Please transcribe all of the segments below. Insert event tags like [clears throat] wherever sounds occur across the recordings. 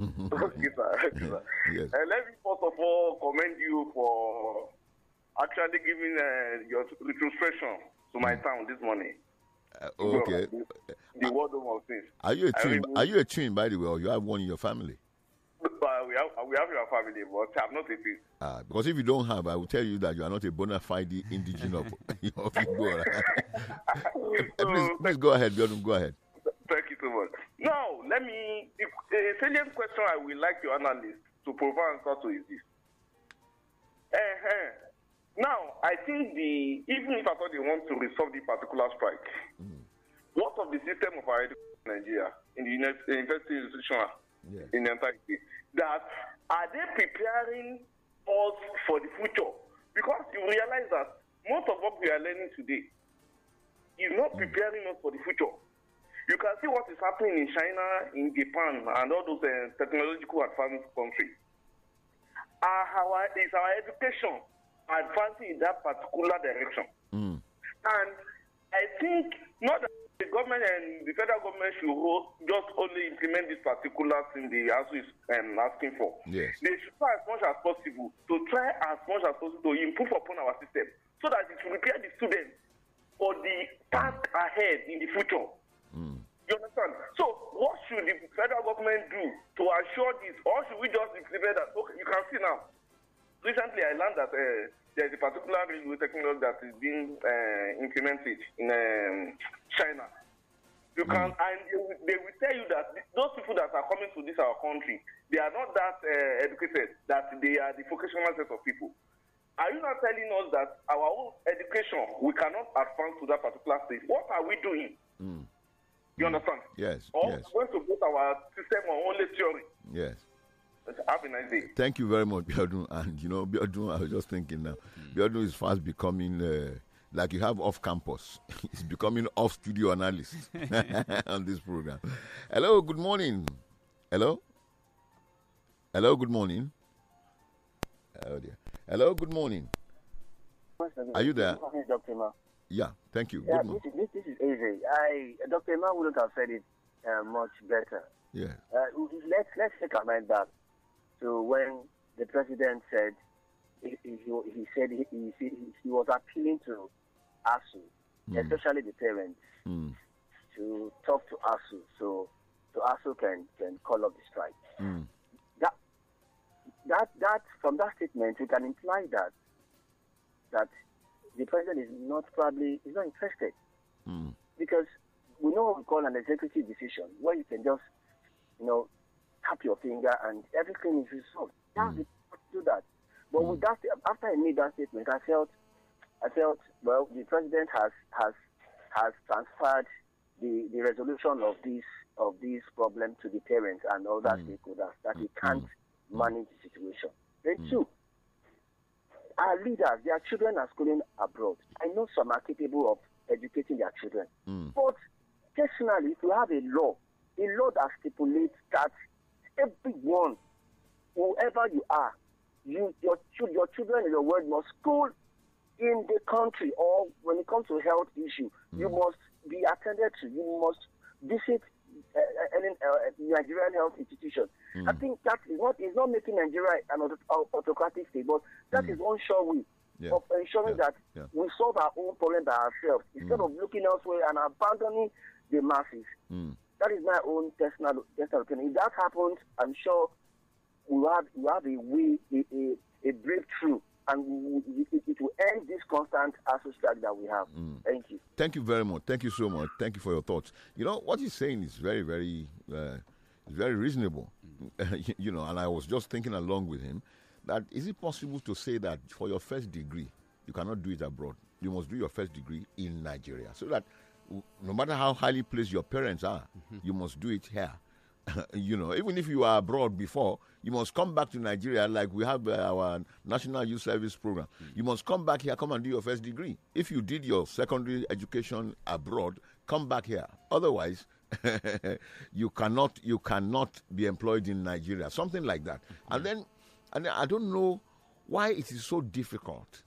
okay, sir. [laughs] yes. Uh, let me first of all commend you for actually giving uh, your retrospection to my mm. town this morning. Uh, okay. the, the uh, world of things. Are you a twin? Really, are you a twin, by the way, or you have one in your family? we have we have your family, but I'm not a twin. Ah, because if you don't have, I will tell you that you are not a bona fide indigenous of, [laughs] of Igbo. so, [laughs] eh, please, please go ahead, Go ahead. Thank you so much. Now let me. If, a salient question I would like your analyst to provide answer to is this. Uh-huh. Now, I think the even if I thought they want to resolve the particular strike, mm. what of the system of our education in Nigeria, in the university institution, yes. in the entire state, that are they preparing us for the future? Because you realize that most of what we are learning today is not hmm. preparing us for the future. You can see what is happening in China, in Japan, and all those uh, technological advanced countries. Our, is our education advancing in that particular direction? Mm. And I think not that the government and the federal government should just only implement this particular thing the ASU is um, asking for. Yes. They should try as much as possible to try as much as possible to improve upon our system so that it will prepare the students for the path ahead in the future. Mm. You understand? So, what should the federal government do to assure this? Or should we just implement that? Okay, you can see now. Recently, I learned that uh, there's a particular railway technology that is being uh, implemented in um, China. You can, mm. and they will, they will, tell you that those people that are coming to this our country, they are not that uh, educated that they are the vocational set of people. Are you not telling us that our own education we cannot advance to that particular stage? What are we doing? Mm. You understand? Yes. Or yes. we're going to put our system on only theory. Yes. Have a nice day. Thank you very much, Biodun. [laughs] And you know, Biodun, I was just thinking now, mm. Biodun is fast becoming. Uh, like you have off campus. it's [laughs] becoming off studio analyst [laughs] on this program. Hello, good morning. Hello? Hello, good morning. Oh dear. Hello, good morning. Are you there? Yeah, thank you. Yeah, this, is, this, is easy. I, Dr. Iman wouldn't have said it uh, much better. Yeah. Uh, let's, let's take our mind back to when the president said he, he, he said he, he, he, was appealing to ASU, mm. especially the parents, mm. to talk to ASU so so ASU can, can call up the strike. Mm. That, that, that, from that statement, we can imply that that the president is not probably is not interested mm. because we know what we call an executive decision where you can just you know tap your finger and everything is resolved. That's mm. the do that. But mm. with hmm. that, after I made that statement, I felt I felt well the president has has has transferred the, the resolution of this of this problem to the parents and all other stakeholders that hmm. he hmm. can't manage the situation. Then two, our leaders, their children are schooling abroad. I know some are capable of educating their children. Mm. But personally, if you have a law, a law that stipulates that everyone, whoever you are, you your your children in your world must school in the country or when it comes to health issue, mm. you hmm. must be attended to. You must visit uh, any uh, Nigerian health institution. Mm. I think that is what is not making Nigeria an autocratic state, but that mm. is one sure way yeah. of ensuring yeah. that yeah. we solve our own problem by ourselves hmm. instead mm. of looking elsewhere and abandoning the masses. Hmm. That is my own personal, personal opinion. If that happens, I'm sure we have we have a way a, a, a breakthrough and it will end this constant asset stack that we have. Mm. Thank you. Thank you very much. Thank you so much. Thank you for your thoughts. You know what he's saying is very, very, uh, very reasonable. Mm. [laughs] you know, and I was just thinking along with him that is it possible to say that for your first degree you cannot do it abroad? You must do your first degree in Nigeria, so that no matter how highly placed your parents are, mm -hmm. you must do it here [laughs] you know, even if you are abroad before, you must come back to Nigeria. Like we have uh, our National Youth Service Program. Mm. You must come back here, come and do your first degree. If you did your secondary education abroad, come back here. Otherwise, [laughs] you cannot you cannot be employed in Nigeria. Something like that. Mm -hmm. And then, and I don't know why it is so difficult.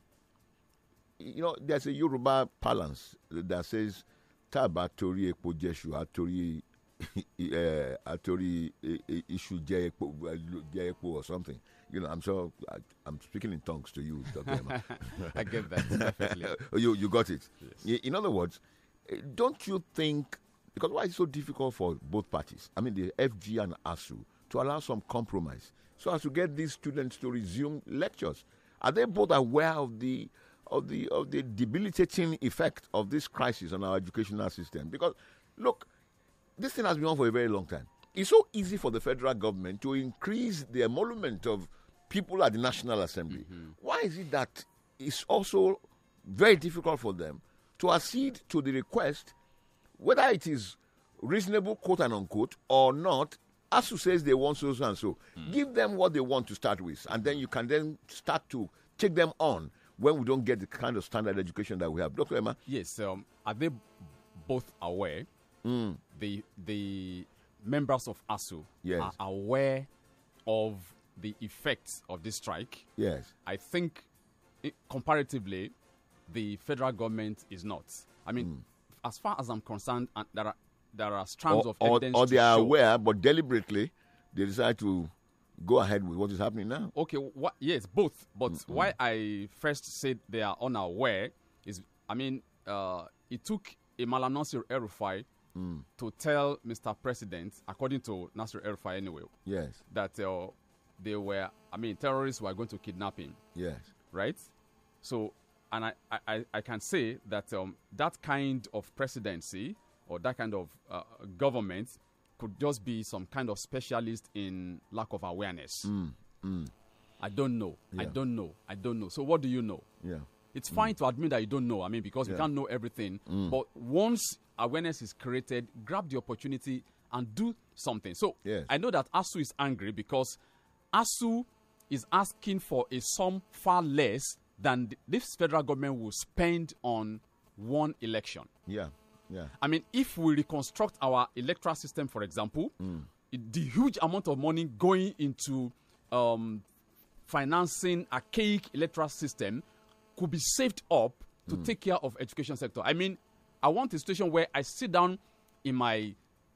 You know, there's a Yoruba balance that says, "Taba tori epo jeshua tori àtòrí [laughs] eh, eh, eh, issue jẹ epo jẹ epo or something you know i'm sure I, i'm speaking in tongues to you dr emma. [laughs] i get that perfectly. [laughs] Oh, you you got it. Yes. in other words don't you think because why is it so difficult for both parties i mean the fg and asu to allow some compromise so as to get these students to resume lectures are they both aware of the of the of the debilitating effect of this crisis on our educational system because look this thing has been on for a very long time. It's so easy for the federal government to increase the emolument of people at the National Assembly. Mm-hmm. Why is it that it's also very difficult for them to accede to the request, whether it is reasonable, quote and unquote, or not? ASU says they want so, and so. mm Give them what they want to start with, and then you can then start to take them on when we don't get the kind of standard education that we have. Dr. Emma? Yes, um, are they both aware mm. the the members of ASU yes. are aware of the effects of this strike. Yes. I think it, comparatively, the federal government is not. I mean, mm. as far as I'm concerned, and there are there are strands or, of evidence. Or, or they are show. aware, but deliberately they decide to go ahead with what is happening now. Okay, what, yes, both. But mm why I first said they are unaware is, I mean, uh, it took a Imalanonsi Erufai mm. to tell Mr. President, according to Nasser el anyway, yes, that uh, they were, I mean, terrorists were going to kidnap him. Yes. Right? So, and I, I, I can say that um, that kind of presidency or that kind of uh, government could just be some kind of specialist in lack of awareness. Mm. Mm. I don't know. Yeah. I don't know. I don't know. So, what do you know? Yeah. It's fine to admit that you don't know. I mean, because yeah. you can't know everything. Mm. But once awareness is created, grab the opportunity and do something. So yes. I know that ASU is angry because ASU is asking for a sum far less than this federal government will spend on one election. Yeah. Yeah. I mean, if we reconstruct our electoral system, for example, mm. the huge amount of money going into um, financing archaic electoral system could be saved up to mm. take care of education sector. I mean, I want a situation where I sit down in my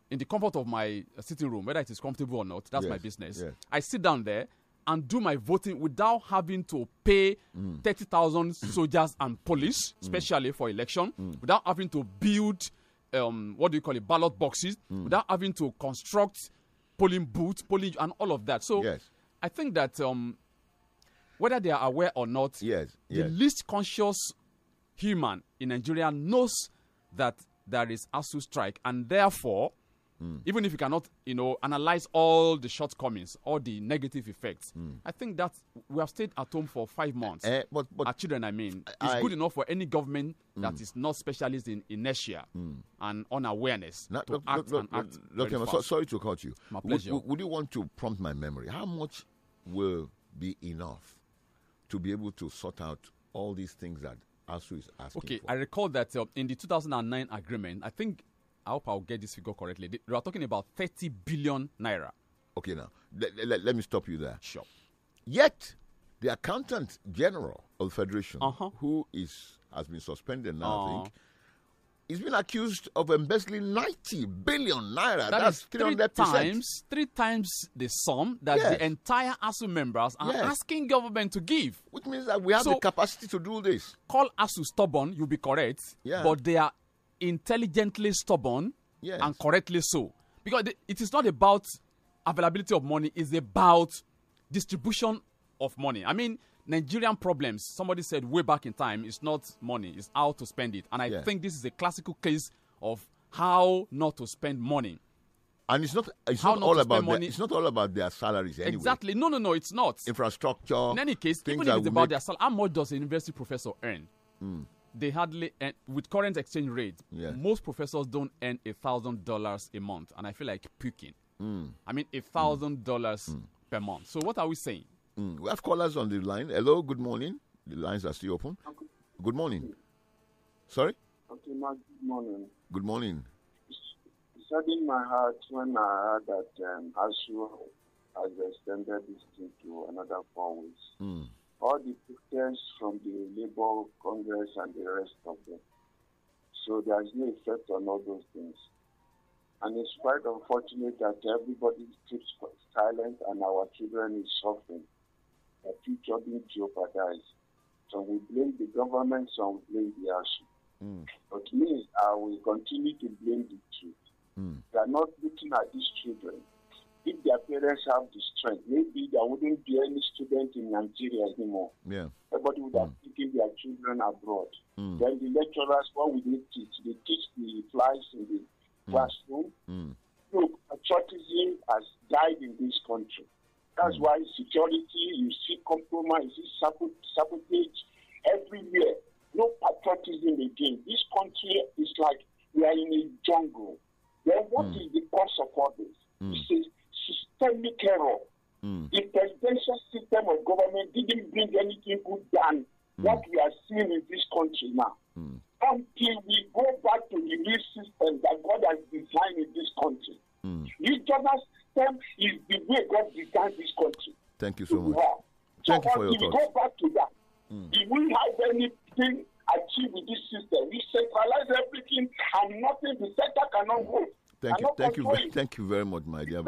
in the comfort of my uh, sitting room, whether it is comfortable or not, that's yes. my business. Yes. I sit down there and do my voting without having to pay mm. 30,000 [coughs] soldiers and police, hmm. especially mm. for election, hmm. without having to build, um, what do you call it, ballot boxes, hmm. without having to construct polling booths, polling, and all of that. So yes. I think that um, whether they are aware or not, yes, yes. the least conscious human in Nigeria knows that there is ASU strike, and therefore, mm. even if you cannot, you know, analyze all the shortcomings, all the negative effects, mm. I think that we have stayed at home for five months. Uh, but, but, Our children, I mean, I, it's good enough for any government mm. that hmm. is not specialist in inertia hmm. and unawareness now, to look, act look, and look, act so, sorry to cut you. My pleasure. Would, would you want to prompt my memory? How much will be enough? to be able to sort out all these things that ASU is asking okay, for. I recall that uh, in the 2009 agreement, I think I hope I'll get this figure correctly. They are talking about 30 billion naira. Okay, now let, let, let, me stop you there. Sure. Yet, the accountant general of the federation, uh -huh. who is has been suspended now, uh -huh. I think, uh-huh. He's been accused of embezzling 90 billion naira. That That's 300 three times, three times the sum that yes. the entire ASU members are yes. asking government to give. Which means that we have so, the capacity to do this. Call ASU stubborn, you'll be correct. Yeah. But they are intelligently stubborn yes. and correctly so. Because it is not about availability of money, it's about distribution of money. I mean, Nigerian problems, somebody said way back in time, is not money, it's how to spend it. And I yeah. think this is a classical case of how not to spend money. And it's not it's not, not all about their, it's not all about their salaries anyway. Exactly. No, no, no, it's not. Infrastructure. In any case, even if it's about make... their salary, how much does a university professor earn? Mm. They hardly earn, with current exchange rate. Yeah. Most professors don't earn a thousand dollars a month, and I feel like puking. Mm. I mean, a thousand dollars hmm. per month. So what are we saying? Mm. We have callers on the line. Hello, good morning. The lines are still open. Okay. Good morning. Sorry? Okay, ma- good morning. Good morning. It's in my heart when I heard that um, ASU has extended this thing to another four weeks. Mm. All the pictures from the Labour Congress and the rest of them. So there is no effect on all those things. And it's quite unfortunate that everybody keeps silent and our children is suffering. A future being jeopardized. So we blame the government, some blame the ISU. Mm. But me, I will continue to blame the truth. Mm. They are not looking at these children. If their parents have the strength, maybe there wouldn't be any student in Nigeria anymore. Yeah. Everybody would have mm. taken their children abroad. Mm. Then the lecturers, what would they teach? They teach the flies in the mm. classroom. Mm. Look, patriotism has died in this country. That's mm. why security, you see compromise, you see sabotage everywhere. No patriotism again. This country is like we are in a jungle. Then what mm. is the cause of all this? Mm. It's a systemic error. Mm. The presidential system of government didn't bring anything good than mm. what we are seeing in this country now. Mm. Until we go back to the new system that God has designed in this country. Regional system is the way God designed this country. Thank you so much. Thank so you for your thoughts. If we go back to that, mm. if we have anything achieved with this system, we centralize everything and nothing, the sector cannot vote. Thank you, thank you, thank you very much, my dear.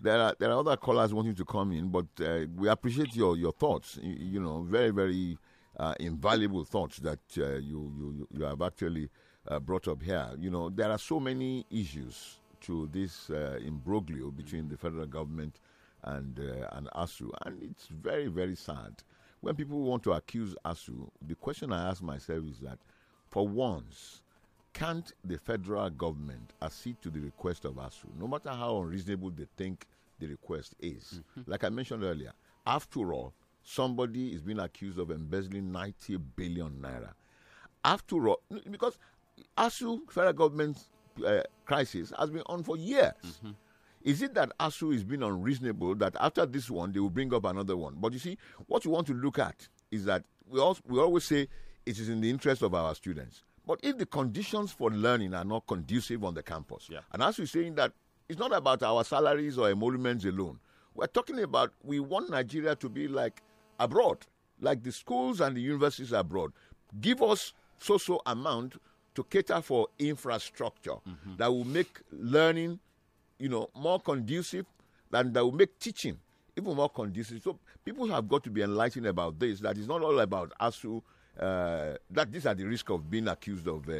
There are there are other callers wanting to come in, but uh, we appreciate your your thoughts. You, you know, very very uh, invaluable thoughts that uh, you you you have actually uh, brought up here. You know, there are so many issues to this uh, imbroglio between the federal government and uh, and ASU, and it's very very sad. When people want to accuse ASU, the question I ask myself is that, for once, can't the federal government accede to the request of ASU, no matter how unreasonable they think the request is? Mm-hmm. Like I mentioned earlier, after all, somebody is being accused of embezzling 90 billion naira. After all, because ASU, federal government uh, crisis has been on for years. Mm-hmm. Is it that ASU is being unreasonable that after this one they will bring up another one? But you see, what you want to look at is that we, also, we always say it is in the interest of our students. But if the conditions for learning are not conducive on the campus, yeah. and as we're saying that it's not about our salaries or emoluments alone, we're talking about we want Nigeria to be like abroad, like the schools and the universities abroad. Give us so so amount to cater for infrastructure mm -hmm. that will make learning, you know, more conducive and that will make teaching even more conducive. So people have got to be enlightened about this. That is not all about ASU. Uh, that these are the risk of being accused of uh,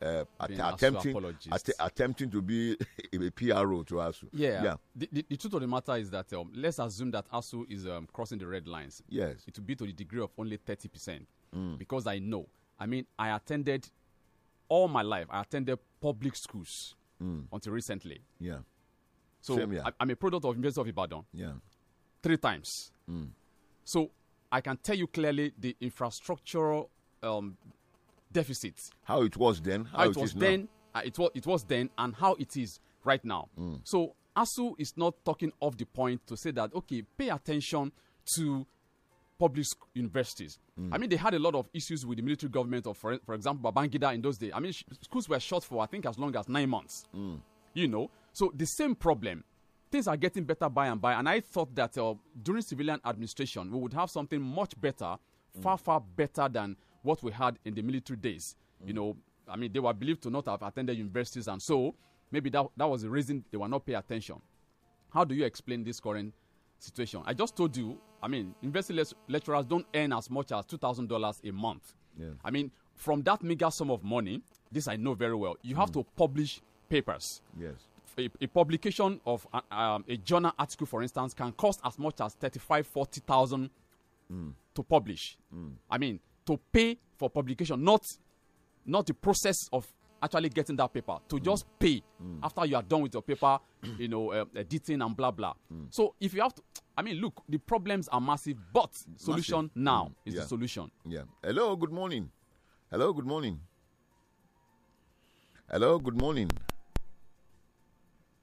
uh, being attempting att attempting to be [laughs] a PRO to ASU. Yeah. yeah. The, the, the, truth of the matter is that um, let's assume that ASU is um, crossing the red lines. Yes. It will be to the degree of only 30%. Mm. Because I know. I mean, I attended all my life, I attended public schools mm. until recently. Yeah. So Same, yeah. I, am a product of University of Ibadan. Yeah. Three times. Mm. So I can tell you clearly the infrastructural um, deficits. How it was then. How, how it, it, was then. Uh, it was it was then, and how it is right now. Mm. So ASU is not talking off the point to say that okay, pay attention to public universities. Mm. I mean, they had a lot of issues with the military government of, for, for example, Babangida in those days. I mean, schools were shut for, I think, as long as nine months. Mm. You know, so the same problem. Things are getting better by and by, and I thought that uh, during civilian administration, we would have something much better, mm. far, far better than what we had in the military days. Mm. You know, I mean, they were believed to not have attended universities, and so maybe that, that was the reason they were not paying attention. How do you explain this current situation. I just told you, I mean, university lecturers don't earn as much as $2,000 a month. Yeah. I mean, from that meager sum of money, this I know very well, you have mm. to publish papers. Yes. A, a publication of a, uh, um, a journal article, for instance, can cost as much as 35, 40,000 mm. to publish. Mm. I mean, to pay for publication, not not the process of actually getting that paper to mm. just pay mm. after you are done with your paper, [clears throat] you know, uh, editing and blah blah. Mm. So if you have to, I mean, look, the problems are massive, but solution massive. now hmm. is yeah. the solution. Yeah. Hello. Good morning. Hello. Good morning. Hello. Good morning.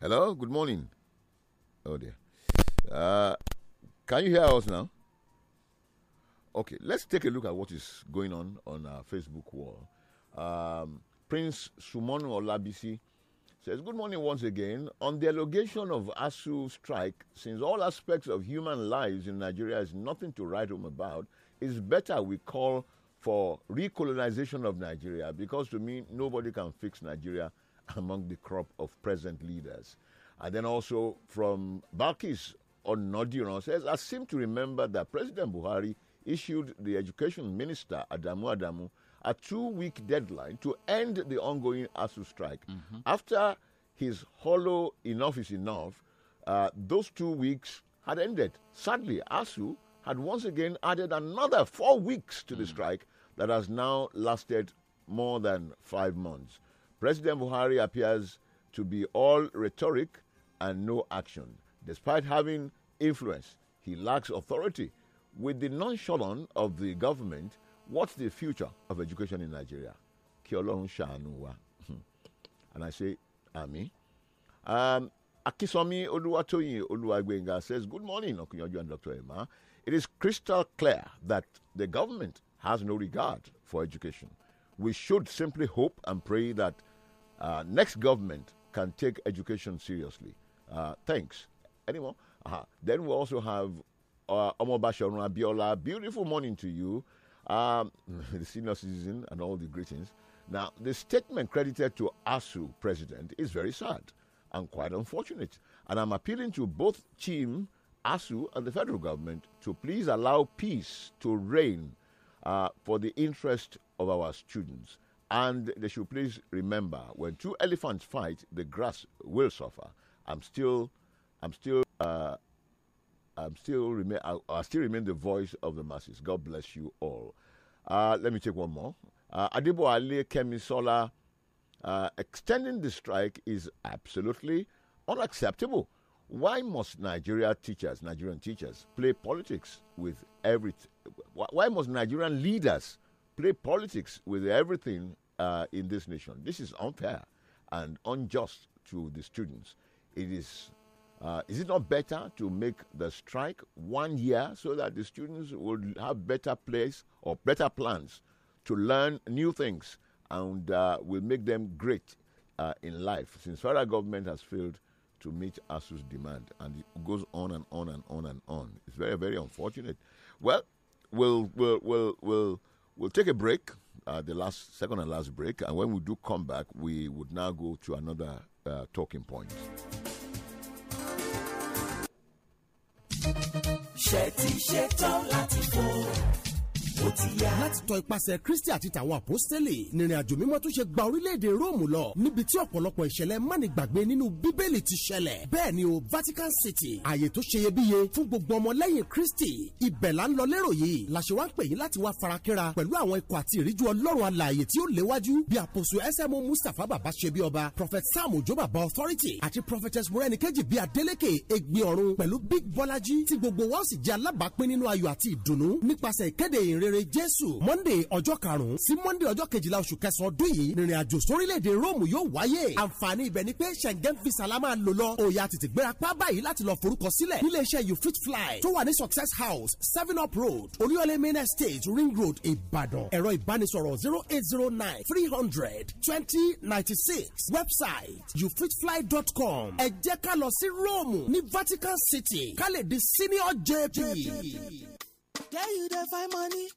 Hello. Good morning. Oh dear. Uh, can you hear us now? Okay, let's take a look at what is going on on our Facebook wall. Um, Prince Sumon Olabisi says, Good morning once again. On the allegation of ASU strike, since all aspects of human lives in Nigeria is nothing to write home about, it's better we call for recolonization of Nigeria because to me, nobody can fix Nigeria [laughs] among the crop of present leaders. And then also from Balkis Onodiran says, I seem to remember that President Buhari issued the education minister, Adamu Adamu, a two week deadline to end the ongoing ASU strike. Mm-hmm. After his hollow enough is enough, uh, those two weeks had ended. Sadly, ASU had once again added another four weeks to mm-hmm. the mm. strike that has now lasted more than five months. President Buhari appears to be all rhetoric and no action. Despite having influence, he lacks authority. With the nonchalance of the government, What's the future of education in Nigeria? Kí Ọlọ́run And I say, Ami. Um, Akisomi Oluwatoyin Oluwagbenga says, Good morning, Okunyoju and Dr. Emma. It is crystal clear that the government has no regard for education. We should simply hope and pray that uh, next government can take education seriously. Uh, thanks. Anymore? Uh -huh. Then we also have uh, Omobashirun Abiola. Beautiful morning to you. Um, [laughs] the senior citizen and all the greetings. Now, the statement credited to ASU president is very sad and quite unfortunate. And I'm appealing to both Team ASU and the federal government to please allow peace to reign uh, for the interest of our students. And they should please remember when two elephants fight, the grass will suffer. I'm still, I'm still. Uh, I'm um, still remain. I, I, still remain the voice of the masses. God bless you all. Uh, let me take one more. Uh, Adibo Ali Kemisola, uh, extending the strike is absolutely unacceptable. Why must Nigeria teachers, Nigerian teachers, play politics with every? Why must Nigerian leaders play politics with everything uh, in this nation? This is unfair and unjust to the students. It is uh, is it not better to make the strike one year so that the students would have better place or better plans to learn new things and uh, will make them great uh, in life? Since federal government has failed to meet ASU's demand, and it goes on and on and on and on. It's very very unfortunate. Well, we'll we'll we'll we'll, we'll take a break. Uh, the last second and last break, and when we do come back, we would now go to another uh, talking point. ṣe ti ṣe tán láti fò ó ti yá. láti tọ ipasẹ̀ kristi àti tàwọn àpọ́sítélì nìrìn àjò mímọ́ tún ṣe gba orílẹ̀-èdè róòmù lọ níbi tí ọ̀pọ̀lọpọ̀ ìṣẹ̀lẹ̀ mánigbàgbé nínú bíbélì ti ṣẹlẹ̀ bẹ́ẹ̀ ni o vatican city àyè tó ṣeyebíye fún gbogbo ọmọlẹ́yìn kristi ibẹ̀ là ń lọ lérò yìí làṣẹ wá ń pè yín láti wá farakínra pẹ̀lú àwọn ikọ̀ àti ìríjú ọlọ́run alààyè tí ó léwájú bí àpòsù smo mustapha bàbá ṣe bí ọba prophet sam ojo bàbá authority àti prophetess mọ́rẹ́nikẹ́jì bí adélèké egbin ọ̀run pẹ̀lú big bọ́lájí tí gbogbo wa ó sì jẹ́ alábàápín nínú ayọ̀ àti ìdùnnú nípasẹ̀ ìkéde ìrere jésù monday ọjọ́ karùn-ún sí monday ọjọ́ kejìlá oṣù kẹsàn-án ọdún yìí ìrìn àjò sórílẹ̀-èdè rome yóò wáyé àǹfààní ibẹ̀ ni pé schengen visa la máa lò lọ òòyà tètè gbéra pa báyìí láti lọ forúkọ sílẹ̀ nílé you fit fly tó wà ní success house seven up road oníyọ̀lé main estate ring road ìbàdàn ẹ̀rọ ìbánisọ̀rọ̀ zero eight zero nine three hundred twenty ninety six website youfitfly.com ẹ jẹ́ ká lọ sí rome ní vatican city ká lè di senior jp. There you dey find money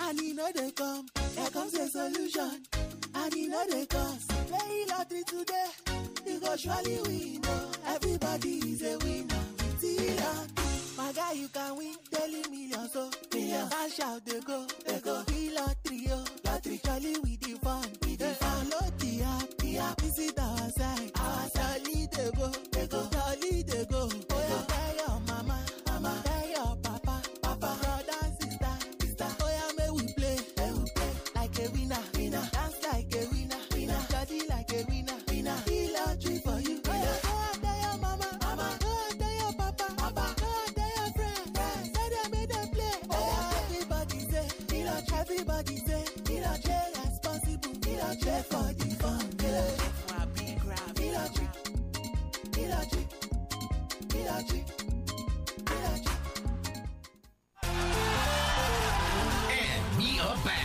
and e no dey come. Here comes a solution and e no dey cost. Play lottery today, you go surely win. Everybody is a winner. T-Lottery. My guy, you can win daily millions, so oh. millions. Cash out they go, they go. We lottery, oh, lottery. Surely we the fun, we the fun. Download the app, the app, visit our a check for And we are back.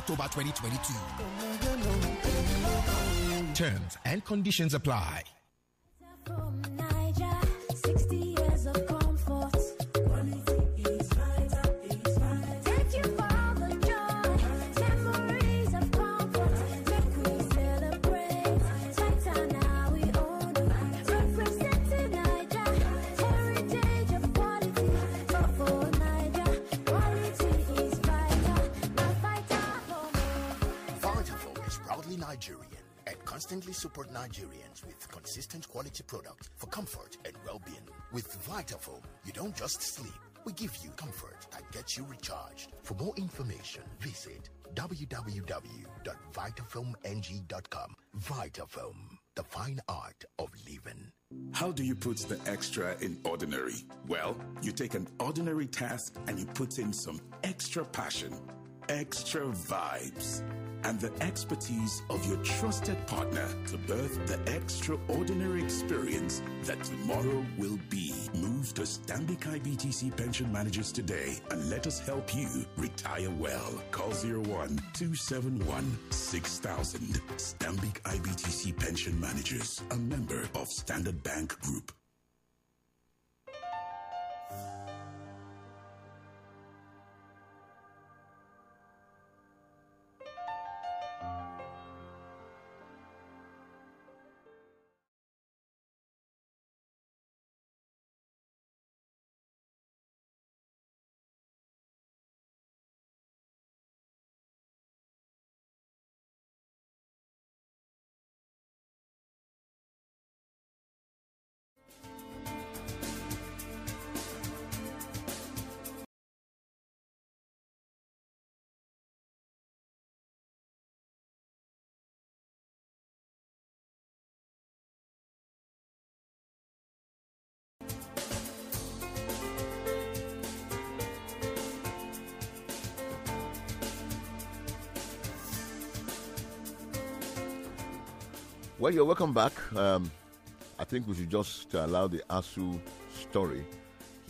October 2022. Terms and conditions apply. consistently support Nigerians with consistent quality product for comfort and well-being. With Vitafilm, you don't just sleep. We give you comfort that gets you recharged. For more information, visit www.vitafilmng.com. Vitafilm, the fine art of living. How do you put the extra in ordinary? Well, you take an ordinary task and you put in some extra passion, extra vibes and the expertise of your trusted partner to birth the extraordinary experience that tomorrow will be. Move to Stanbic IBTC Pension Managers today and let us help you retire well. Call 01 271 6000. Stanbic IBTC Pension Managers, a member of Standard Bank Group. Well, you're welcome back. Um, I think we should just allow the ASU story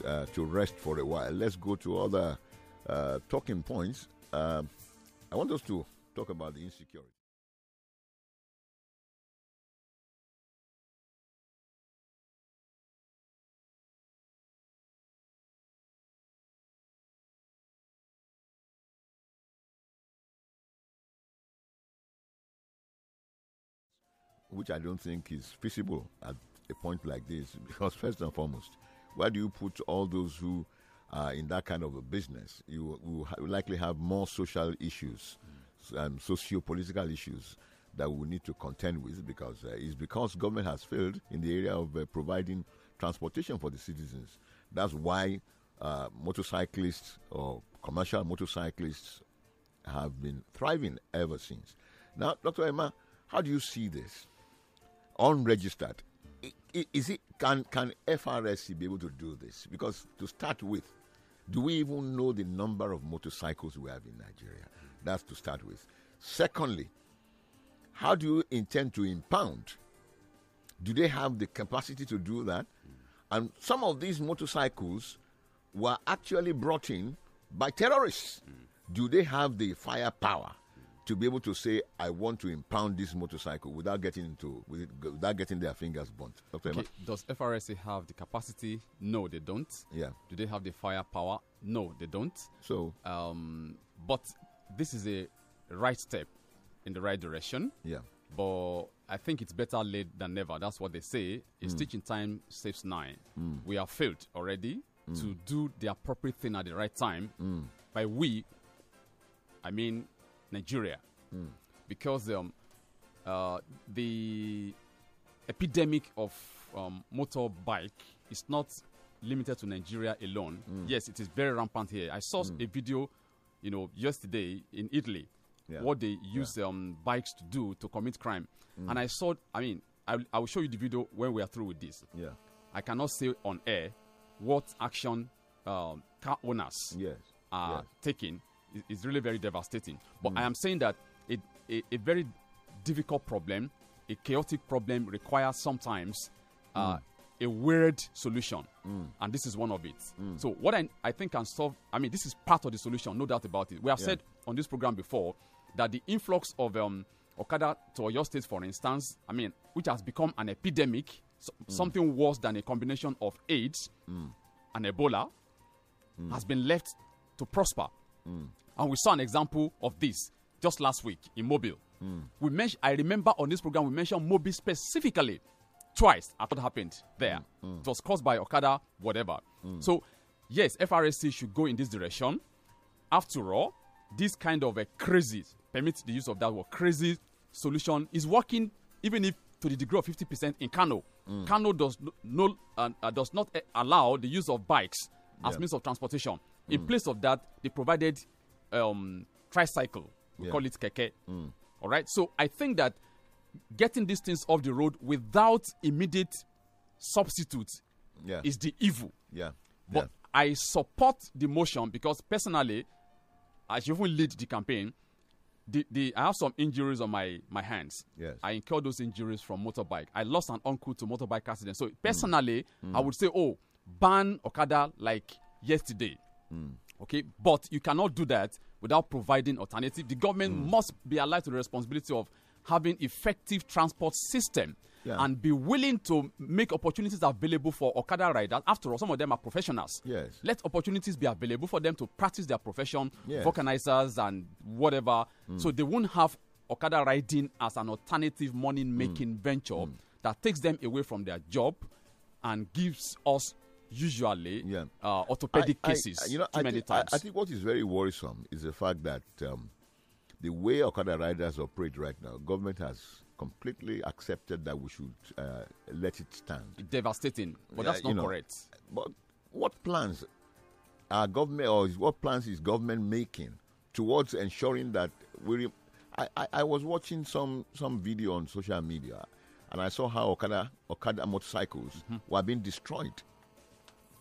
uh, to rest for a while. Let's go to other uh, talking points. Um, I want us to talk about the insecurity. which I don't think is feasible at a point like this, [laughs] because first and foremost, where do you put all those who are in that kind of a business? You will ha likely have more social issues, mm. um, socio-political issues that we need to contend with, because uh, it's because government has failed in the area of uh, providing transportation for the citizens. That's why uh, motorcyclists or commercial motorcyclists have been thriving ever since. Now, Dr. Emma, how do you see this? unregistered. Is it can can FRSC be able to do this? Because to start with, do we even know the number of motorcycles we have in Nigeria? That's to start with. Secondly, how do you intend to impound? Do they have the capacity to do that? And some of these motorcycles were actually brought in by terrorists. Do they have the firepower to be able to say, I want to impound this motorcycle without getting into without getting their fingers burnt. Okay. Does FRSA have the capacity? No, they don't. Yeah. Do they have the firepower? No, they don't. So, um, but this is a right step in the right direction. Yeah. But I think it's better late than never. That's what they say. A mm. stitch in time saves nine. Mm. We have failed already mm. to do the appropriate thing at the right time. Mm. By we, I mean Nigeria mm. because um, uh, the epidemic of um, motorbike is not limited to Nigeria alone. Mm. Yes, it is very rampant here. I saw mm. a video, you know, yesterday in Italy, yeah. what they use yeah. um, bikes to do to commit crime, mm. and I saw. I mean, I, I will show you the video when we are through with this. Yeah, I cannot say on air what action um, car owners yes. are yes. taking is really very devastating. But mm. I hmm. am saying that it, a, a, very difficult problem, a chaotic problem, requires sometimes uh, mm. a weird solution, mm. and this is one of it. Hmm. So what I, I think can solve, I mean, this is part of the solution, no doubt about it. We have yeah. said on this program before that the influx of um, Okada to Oyo State, for instance, I mean, which has become an epidemic, so, hmm. something worse than a combination of AIDS and Ebola, has been left to prosper. Mm. And we saw an example of this just last week in Mobile. Mm. We mentioned, I remember on this program, we mentioned Mobile specifically twice after what happened there. Mm. mm. It was caused by Okada, whatever. Mm. So, yes, FRSC should go in this direction. After all, this kind of a crazy, permit the use of that word, crazy solution is working even if to the degree of 50% in Kano. Mm. Kano does no, uh, uh, does not eh, allow the use of bikes as yeah. means of transportation. In mm. place of that, they provided um, tricycle. We yeah. call it keke. Mm. All right. So I think that getting these things off the road without immediate substitutes yeah. is the evil. Yeah. But yeah. I support the motion because personally, as you will lead the campaign. The, the, I have some injuries on my, my hands. Yes. I incurred those injuries from motorbike. I lost an uncle to motorbike accident. So mm. personally, mm. Mm. I would say, oh, ban Okada like yesterday. Mm. Okay, but you cannot do that without providing alternative. The government mm. must be alive to the responsibility of having effective transport system yeah. and be willing to make opportunities available for Okada riders. After all, some of them are professionals. Yes. Let opportunities be available for them to practice their profession, yes. vulcanizers and whatever, mm. so they won't have Okada riding as an alternative money making mm. venture mm. that takes them away from their job and gives us usually yeah. uh, orthopedic I, cases I, you know, I, times. I think what is very worrisome is the fact that um, the way Okada riders operate right now, government has completely accepted that we should uh, let it stand. Devastating, but yeah, that's not know, correct. But what plans are government or what plans is government making towards ensuring that we? I, I, I was watching some some video on social media, and I saw how Okada Okada motorcycles mm -hmm. were being destroyed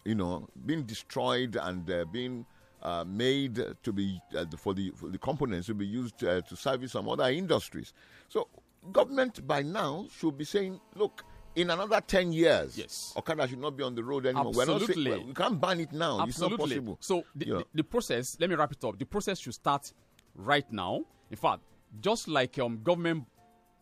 you know, being destroyed and uh, being uh, made to be uh, for the for the components to be used uh, to service some other industries. So, government by now should be saying, look. In another 10 years, yes. Okada should not be on the road anymore. Absolutely. Saying, well, we can't ban it now. Absolutely. It's not possible. So, the, you know. the process, let me wrap it up. The process should start right now. In fact, just like um, government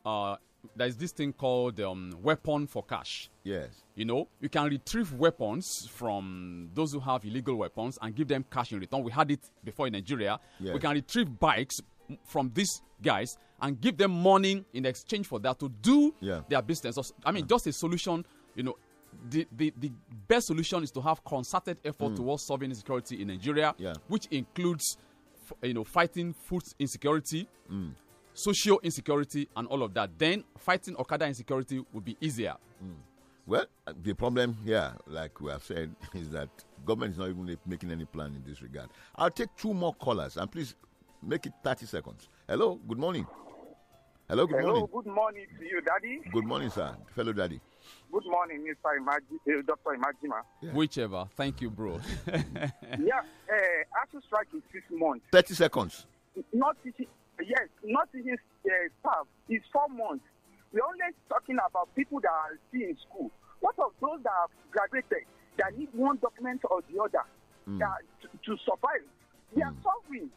uh, there's this thing called um, weapon for cash. Yes. You know, you can retrieve weapons from those who have illegal weapons and give them cash in return. We had it before in Nigeria. Yes. We can retrieve bikes from these guys and give them money in exchange for that to do yeah. their business. I mean, yeah. just a solution, you know, the, the, the best solution is to have concerted effort mm. towards solving insecurity in Nigeria, yeah. which includes, you know, fighting food insecurity, mm social insecurity and all of that, then fighting Okada insecurity would be easier. Mm. Well, the problem here, like we have said, [laughs] is that government is not even making any plan in this regard. I'll take two more callers and please make it 30 seconds. Hello, good morning. Hello, good Hello, morning. good morning to you, Daddy. Good morning, sir. Fellow Daddy. Good morning, Mr. Imaj- uh, Dr. Imajima. Yeah. Whichever. Thank you, bro. [laughs] yeah, uh, after strike in six months. 30 seconds. Not yes, not even uh, staff. It's four months. We're only talking about people that are still in school. What of those that have graduated that need one document or the other mm. that, to, to, survive? They mm. are hmm. suffering.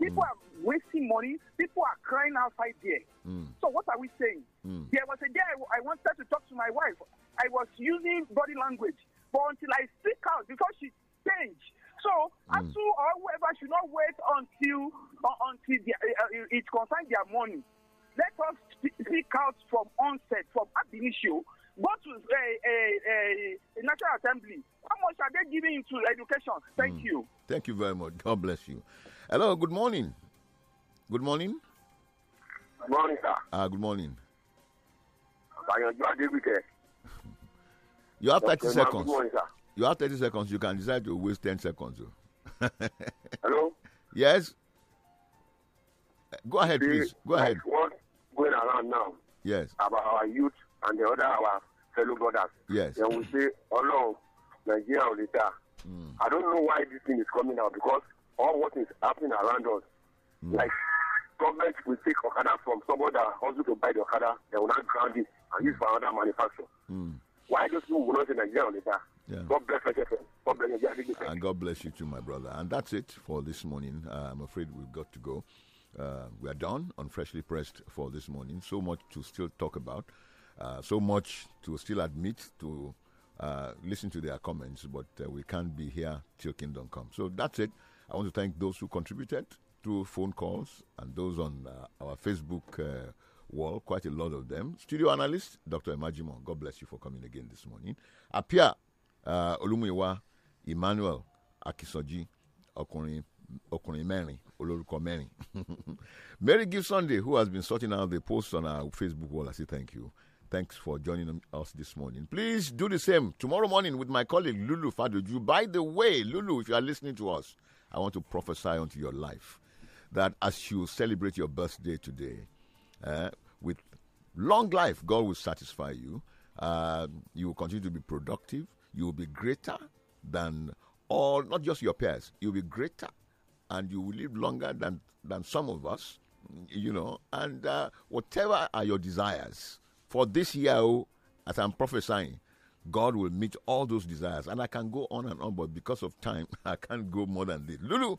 People mm. are wasting money. People are crying outside there. Hmm. So what are we saying? Hmm. There was a day I, I wanted to talk to my wife. I was using body language, but until I speak out because she changed, so mm. ASU or whoever should not wait until uh, until the, uh, uh it concerns their money. Let us speak out from onset, from ab initio. Go to a, uh, National Assembly. How much are they giving into education? Thank mm. you. Thank you very much. God bless you. Hello, good morning. Good morning. Good morning, sir. Uh, good morning. You have 30 seconds. Morning, You have 30 seconds. You can decide to waste 10 seconds. [laughs] Hello? Yes? Go ahead, please. Go ahead. What going around now? Yes. About our youth and the other our fellow brothers. Yes. And we say, along Nigeria or later. Mm. I don't know why this thing is coming out because all what is happening around us, mm. like government will take Okada from someone that wants to buy the Okada, they will not ground it and use for another manufacturer. Mm. Why those people will not in Nigeria on the Yeah. God bless God bless And God bless you too, my brother. And that's it for this morning. Uh, I'm afraid we've got to go. Uh, we are done on Freshly Pressed for this morning. So much to still talk about. Uh, so much to still admit to uh, listen to their comments, but uh, we can't be here till kingdom come. So that's it. I want to thank those who contributed through phone calls and those on uh, our Facebook uh, wall, quite a lot of them. Studio analyst, Dr. Emajimo, God bless you for coming again this morning. Apia uh, Olumuyiwa Emmanuel Akisoji Okunrin ọkùnrin olórúkọ mary [laughs] gives who has been sorting out the posts on our facebook wall i say thank you thanks for joining us this morning please do the same tomorrow morning with my colleague lulu fadoju by the way lulu if you are listening to us i want to prophesy unto your life that as you celebrate your birthday today uh, with long life, God will satisfy you. Uh, you will continue to be productive. You will be greater than all, not just your peers. You'll be greater, and you will live longer than than some of us. You know, and uh, whatever are your desires for this year, oh, as I'm prophesying, God will meet all those desires. And I can go on and on, but because of time, [laughs] I can't go more than this. Lulu,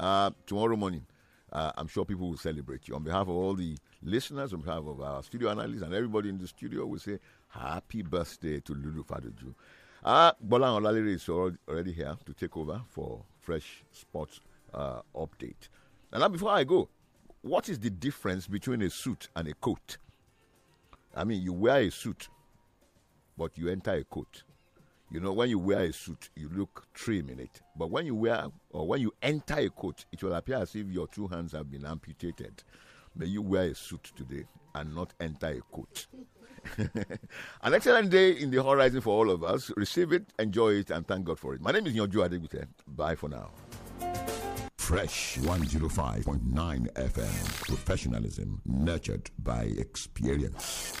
uh, tomorrow morning uh, I'm sure people will celebrate you. On behalf of all the listeners, on behalf of our studio analysts and everybody in the studio, we say happy birthday to Lulu Fadoju. Uh, Bola Olalere is already here to take over for fresh sports uh, update. And now, before I go, what is the difference between a suit and a coat? I mean, you wear a suit, but you enter a coat. You know, when you wear a suit, you look trim in it. But when you wear or when you enter a coat, it will appear as if your two hands have been amputated. May you wear a suit today and not enter a coat. [laughs] An excellent day in the horizon for all of us. Receive it, enjoy it, and thank God for it. My name is Nyojo Adebute. Bye for now. Fresh 105.9 FM. Professionalism nurtured by experience.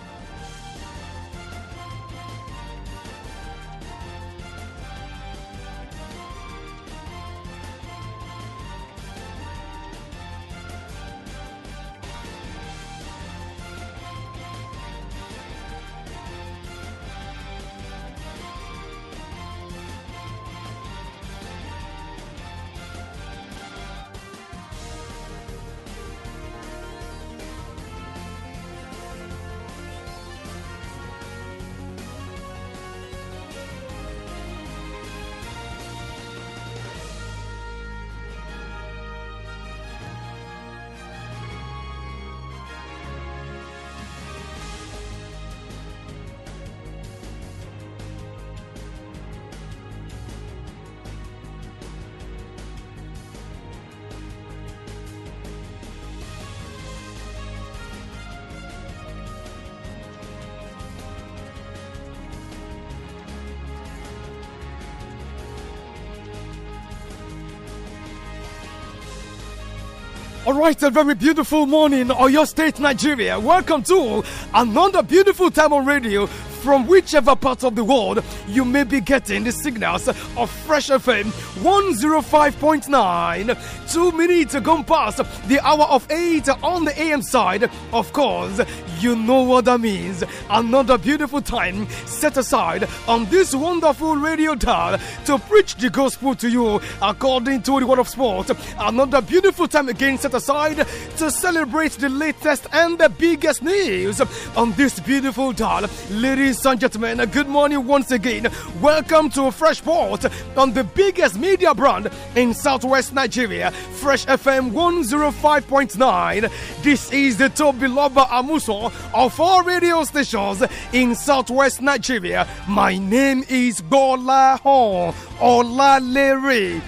Alright, a very beautiful morning, on your State, Nigeria. Welcome to another beautiful time on radio from whichever part of the world you may be getting the signals of Fresh FM 105.9. Two minutes gone past the hour of 8 on the AM side. Of course, you know what that means. Another beautiful time set aside on this wonderful radio dial to preach the gospel to you according to the word of sport. Another beautiful time again set aside to celebrate the latest and the biggest news on this beautiful dial. Ladies Ladies and gentlemen, good morning once again. Welcome to Fresh Port on the biggest media brand in southwest Nigeria, Fresh FM 105.9. This is the beloved Amuso of all radio stations in southwest Nigeria. My name is Gola Hon Olalere.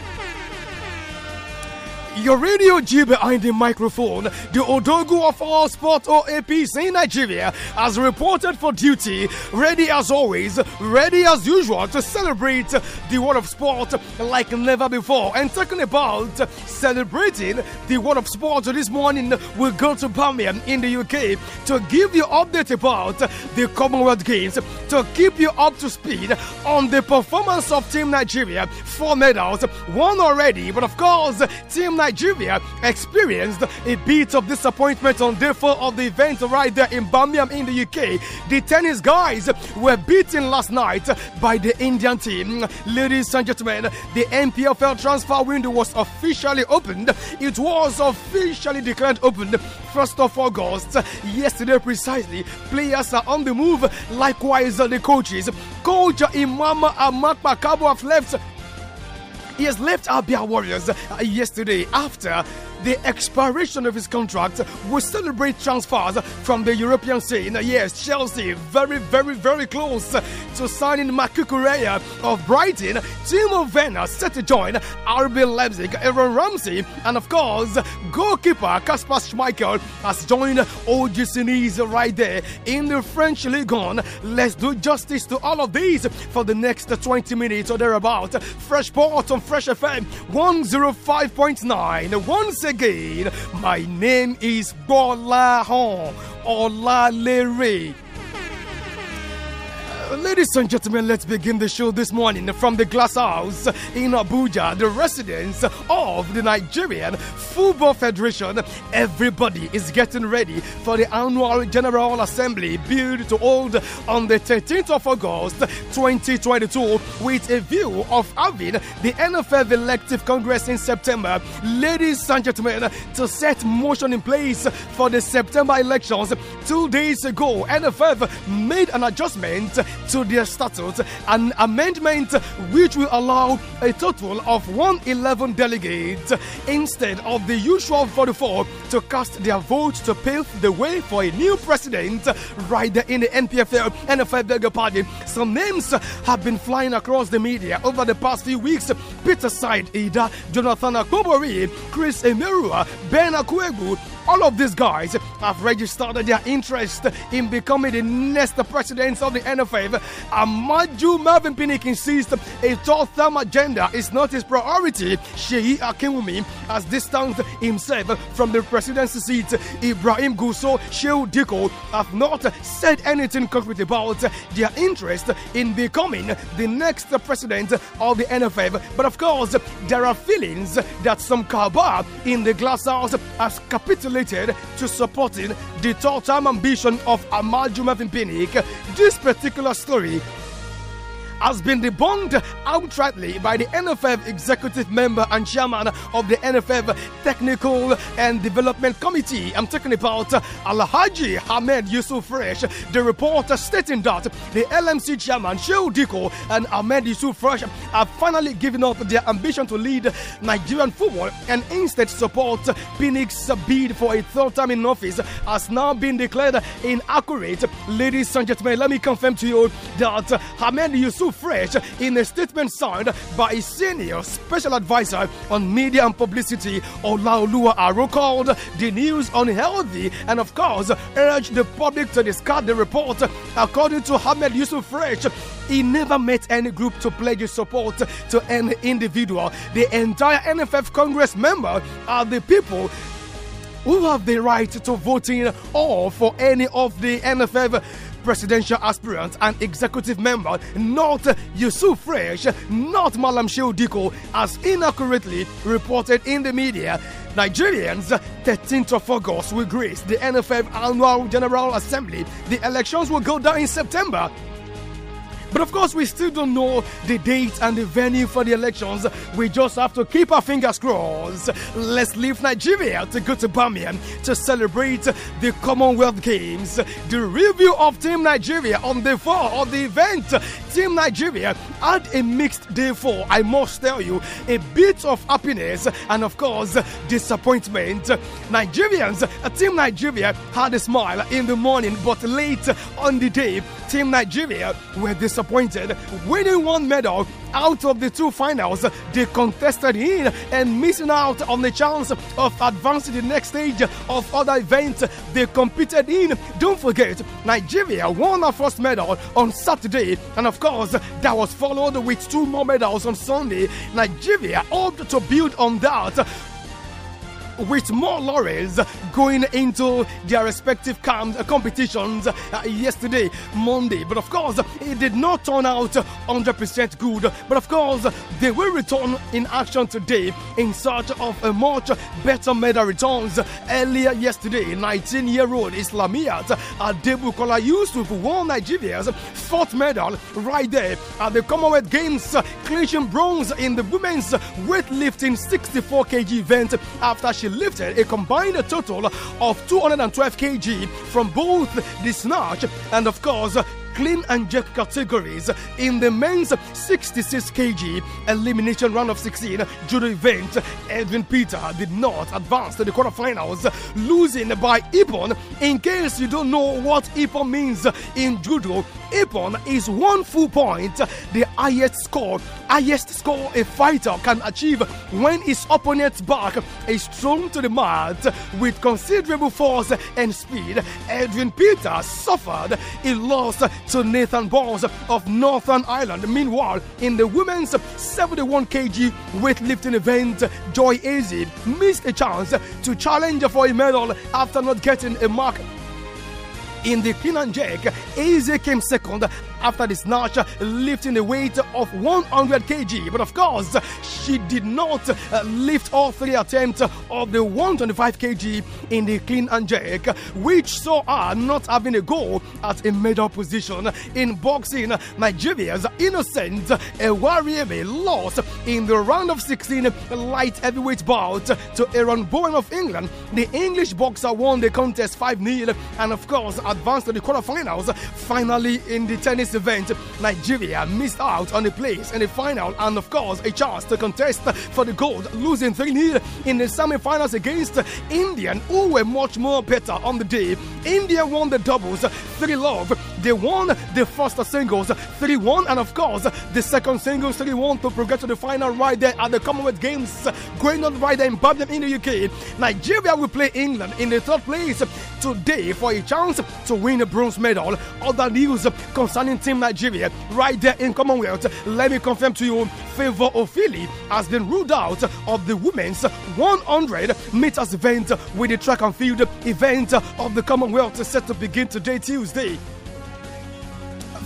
Your radio G behind the microphone, the Odogu of all sports or APC in Nigeria, has reported for duty, ready as always, ready as usual to celebrate the world of sport like never before. And talking about celebrating the world of sport this morning, we'll go to Birmingham in the UK to give you update about the Commonwealth Games, to keep you up to speed on the performance of Team Nigeria. Four medals, one already, but of course, Team Nigeria Nigeria experienced a bit of disappointment on day four of the event right there in Birmingham in the UK. The tennis guys were beaten last night by the Indian team. Ladies and gentlemen, the MPFL transfer window was officially opened. It was officially declared open 1st of August. Yesterday, precisely, players are on the move. Likewise, the coaches. Coach Imama Ahmad Makabo have left he has left our warriors uh, yesterday after the expiration of his contract, we celebrate transfers from the European scene. Yes, Chelsea, very, very, very close to signing Makukureya of Brighton. Timo Werner set to join RB Leipzig. Aaron Ramsey, and of course, goalkeeper Kasper Schmeichel has joined OGC Nice right there in the French League On Let's do justice to all of these for the next 20 minutes or thereabout. Fresh Port on Fresh FM 105.9. 16 again. My name is Bola Hon Olalere Ladies and gentlemen, let's begin the show this morning from the Glass House in Abuja, the residence of the Nigerian Football Federation. Everybody is getting ready for the annual General Assembly billed to hold on the 13th of August 2022 with a view of having the NFF Elective Congress in September. Ladies and gentlemen, to set motion in place for the September elections, two days ago, NFF made an adjustment to their statutes, an amendment which will allow a total of 111 delegates instead of the usual 44 to cast their vote to pave the way for a new president right there in the NPFL. and beg your pardon. Some names have been flying across the media over the past few weeks. Peter Side, Ida, Jonathan Akobori, Chris Emerua, Ben Akwegu, all of these guys have registered their interest in becoming the next president of the NFF. Amaju Melvin Pinnick insists a short term agenda is not his priority. Sheyi Akinwumi has distanced himself from the presidency seat. Ibrahim Gusso, Shehu Diko have not said anything concrete about their interest in becoming the next president of the NFF. But of course, there are feelings that some Kaaba in the glass house has capitulated related to supporting the total ambition of Amal Juma This particular story has been debunked outrightly by the NFF executive member and chairman of the NFF Technical and Development Committee. I'm talking about Alhaji Ahmed Yusuf Fresh. The report stating that the LMC chairman Shehu Diko and Ahmed Yusuf Fresh have finally given up their ambition to lead Nigerian football and instead support Phoenix bid for a third time in office has now been declared inaccurate. Ladies and gentlemen, let me confirm to you that Ahmed Yusuf fresh in a statement signed by a senior special advisor on media and publicity, Olaoluwa Aro, called the news unhealthy and, of course, urged the public to discard the report. According to Hamid Yusuf Fresh, he never met any group to pledge his support to any individual. The entire NFF Congress member are the people who have the right to voting or for any of the NFF presidential aspirant and executive member, not Yusuf Fresh, not Malam Diko, as inaccurately reported in the media. Nigerians, 13th of August will grace the NFF Annual General Assembly. The elections will go down in September. But of course, we still don't know the date and the venue for the elections. We just have to keep our fingers crossed. Let's leave Nigeria to go to Birmingham to celebrate the Commonwealth Games. The review of Team Nigeria on the four of the event. Team Nigeria had a mixed day four, I must tell you. A bit of happiness and, of course, disappointment. Nigerians, uh, Team Nigeria had a smile in the morning, but late on the day, Team Nigeria were disappointed disappointed, winning one medal out of the two finals they contested in and missing out on the chance of advancing the next stage of other events they competed in. Don't forget, Nigeria won her first medal on Saturday, and of course, that was followed with two more medals on Sunday. Nigeria hoped to build on that with more laurels going into their respective uh, competitions uh, yesterday, Monday. But of course, it did not turn out 100% good. But of course, they will return in action today in search of a much better medal returns. Earlier yesterday, 19 year old Islamiyat Adebukola to won Nigeria's fourth medal right there at the Commonwealth Games, clinching bronze in the women's weightlifting 64 kg event after she she lifted a combined total of 212 kg from both the snatch and, of course, clean and jerk categories in the men's 66 kg elimination round of 16 judo event. Edwin Peter did not advance to the quarterfinals, losing by Ippon. In case you don't know what Ippon means in judo, Ippon is one full point, the highest score, highest score a fighter can achieve when his opponent's back is thrown to the mat with considerable force and speed. Edwin Peter suffered a loss to Nathan Balls of Northern Ireland. Meanwhile, in the women's 71 kg weightlifting event, Joy Azid missed a chance to challenge for a medal after not getting a mark in the clean and jerk. Eze came second after the snatch, lifting a weight of 100 kg. But of course, she did not uh, lift all three attempts of the 125 kg in the clean and jerk, which saw her not having a goal at a major position in boxing. Nigeria's Innocent Ewarieme lost in the round of 16 light heavyweight bout to Aaron Bowen of England. The English boxer won the contest 5 0 and, of course, advanced to the quarterfinals. Finally, in the tennis event, Nigeria missed out on a place in the final and, of course, a chance to contest for the gold, losing 3 0 in the semi finals against India, who were much more better on the day. India won the doubles 3 love. They won the first singles 3 1, and, of course, the second singles 3 1 to progress to the final right there at the Commonwealth Games going on right there in Birmingham in the UK. Nigeria will play England in the third place today for a chance to win a bronze medal. Other news concerning Team Nigeria right there in Commonwealth. Let me confirm to you, Favor Ophili has been ruled out of the women's 100 meters event with the track and field event of the Commonwealth set to begin today, Tuesday.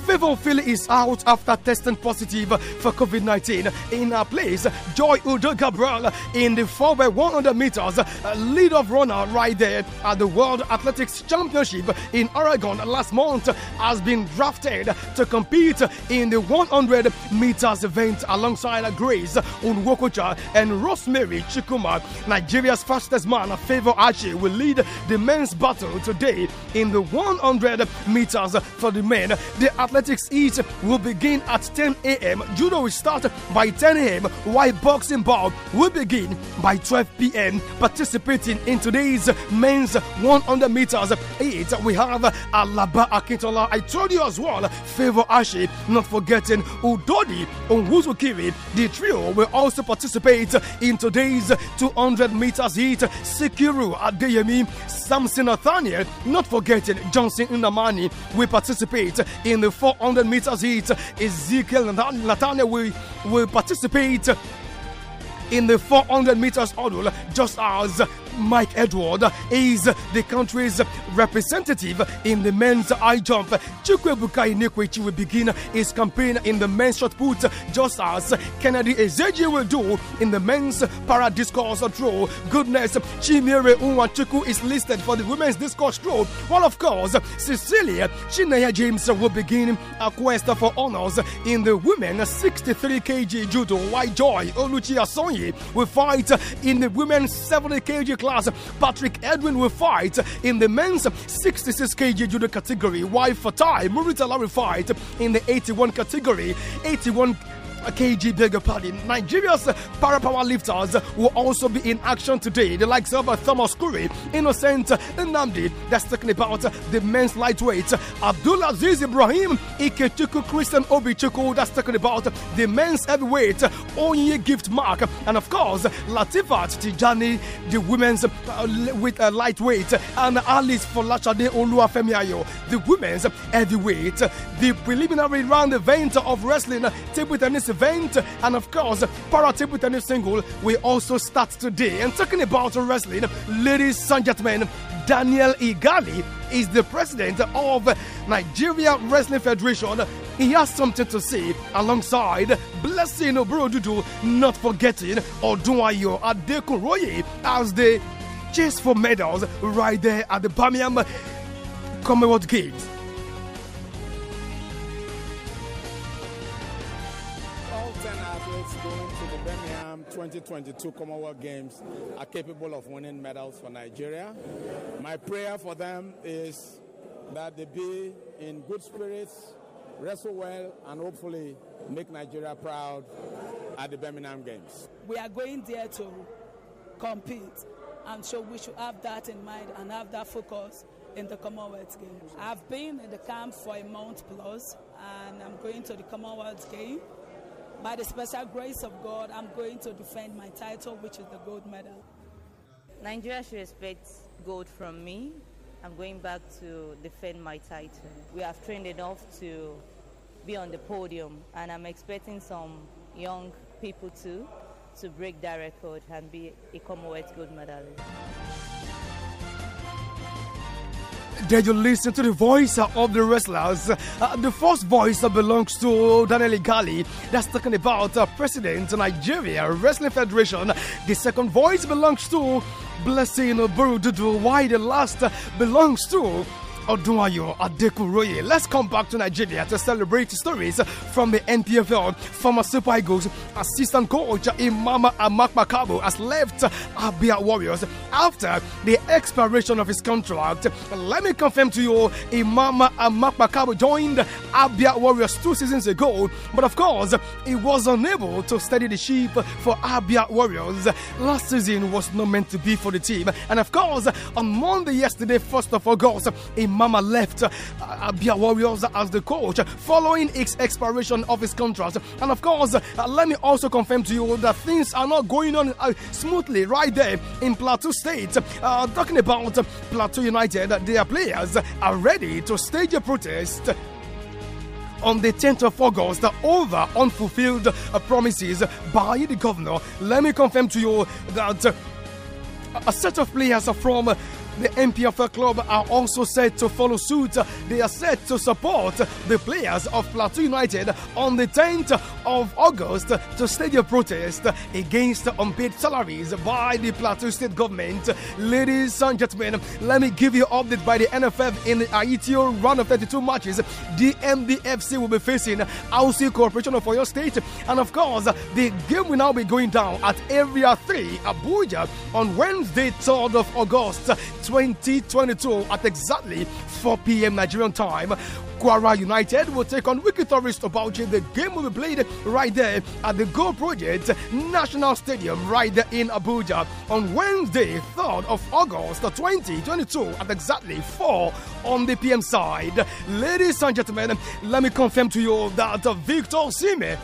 Favophil is out after testing positive for COVID 19. In her place, Joy Udo Gabriel in the 4 by 100 meters, lead off runner right there at the World Athletics Championship in Oregon last month, has been drafted to compete in the 100 meters event alongside Grace Unwokocha and Rosemary Chikuma. Nigeria's fastest man, Favor Achi, will lead the men's battle today in the 100 meters for the men. The athletics heat will begin at 10 a.m. Judo will start by 10 a.m. while boxing bout will begin by 12 p.m. Participating in today's men's 100 meters heat, we have Alaba Akintola. I told you as well, Favor Ashi, not forgetting Udodi Onwuzukiri. The trio will also participate in today's 200 meters heat. Sikiru Adeyemi Samson Nathaniel, not forgetting Johnson Unamani will participate in the 400 meters heat. Ezekiel Nathaniel will, will participate in the 400 meters hurdle, just as Mike Edward is the country's representative in the men's high jump. Chikwebuka Inikwechi will begin his campaign in the men's shot put, just as Kennedy Ezeji will do in the men's para discus throw. Goodness, Chimere Unwachuku is listed for the women's discus throw, while of course, Cecilia Chinaya James will begin a quest for honors in the women's 63 kg judo. Why Joy Oluchi Asonye will fight in the women's 70 kg class class, Patrick Edwin will fight in the men's 66 kg judo category, while Fatai Muritala will fight in the 81 category. 81 KG bigger Party. Nigeria's para lifters will also be in action today. The likes of Thomas Kuri, Innocent Namdi, that's talking about the men's lightweight, Abdullah Aziz Ibrahim, Ikechukwu Christian Obichukwu. that's talking about the men's heavyweight, Onye Gift Mark, and of course, Latifat Tijani, the women's uh, with uh, lightweight, and Alice Folachade Oluwafemiayo, the women's heavyweight. The preliminary round event of wrestling table tennis event. And of course, Para Table Tennis Single will also start today. And talking about wrestling, ladies and gentlemen, Daniel Igali is the president of Nigeria Wrestling Federation. He has something to say alongside Blessing Obrodudu, not forgetting Odunayo Adekunroye as they chase for medals right there at the Birmingham Commonwealth Games. 2022 Commonwealth Games are capable of winning medals for Nigeria. My prayer for them is that they be in good spirits, wrestle well, and hopefully make Nigeria proud at the Birmingham Games. We are going there to compete, and so we should have that in mind and have that focus in the Commonwealth Games. I've been in the camp for a month plus, and I'm going to the Commonwealth Games by the special grace of God, I'm going to defend my title, which is the gold medal. Nigeria should expect gold from me. I'm going back to defend my title. We have trained enough to be on the podium, and I'm expecting some young people too to break that record and be a Commonwealth gold medalist. Did you listen to the voice of the wrestlers? Uh, the first voice belongs to Daniel Gali. That's talking about uh, President Nigeria Wrestling Federation. The second voice belongs to Blessing Burududu. Why the last belongs to Odunayo Adekuroye. Let's come back to Nigeria to celebrate stories from the NPFL. Former Super Eagles assistant coach Imama Amak Makabo has left Abia Warriors after the expiration of his contract. Let me confirm to you, Imama Amak Makabo joined Abia Warriors two seasons ago, but of course, he was unable to steady the ship for Abia Warriors. Last season was not meant to be for the team, and of course, on Monday yesterday, 1st of August, Imama Mama left uh, uh, Abia Warriors as the coach following its expiration of his contract. And of course, uh, let me also confirm to you that things are not going on uh, smoothly right there in Plateau State. Uh, talking about Plateau United, their players are ready to stage a protest on the 10th of August over unfulfilled uh, promises by the governor. Let me confirm to you that uh, a set of players from the MPFL club are also set to follow suit. They are set to support the players of Plateau United on the 10th of August to stage a protest against unpaid salaries by the Plateau State government. Ladies and gentlemen, let me give you update by the NFF in the Aitio round of 32 matches. The MDFC will be facing AUC Corporation of Oyo State, and of course, the game will now be going down at Area 3 Abuja on Wednesday, 3rd of August. 2022 at exactly 4 p.m. Nigerian time. Kwara United will take on Wiki Tourist Obauchi. The game will be played right there at the Go Project National Stadium right there in Abuja on Wednesday, 3rd of August 2022 at exactly 4 on the PM side. Ladies and gentlemen, let me confirm to you that Victor Sime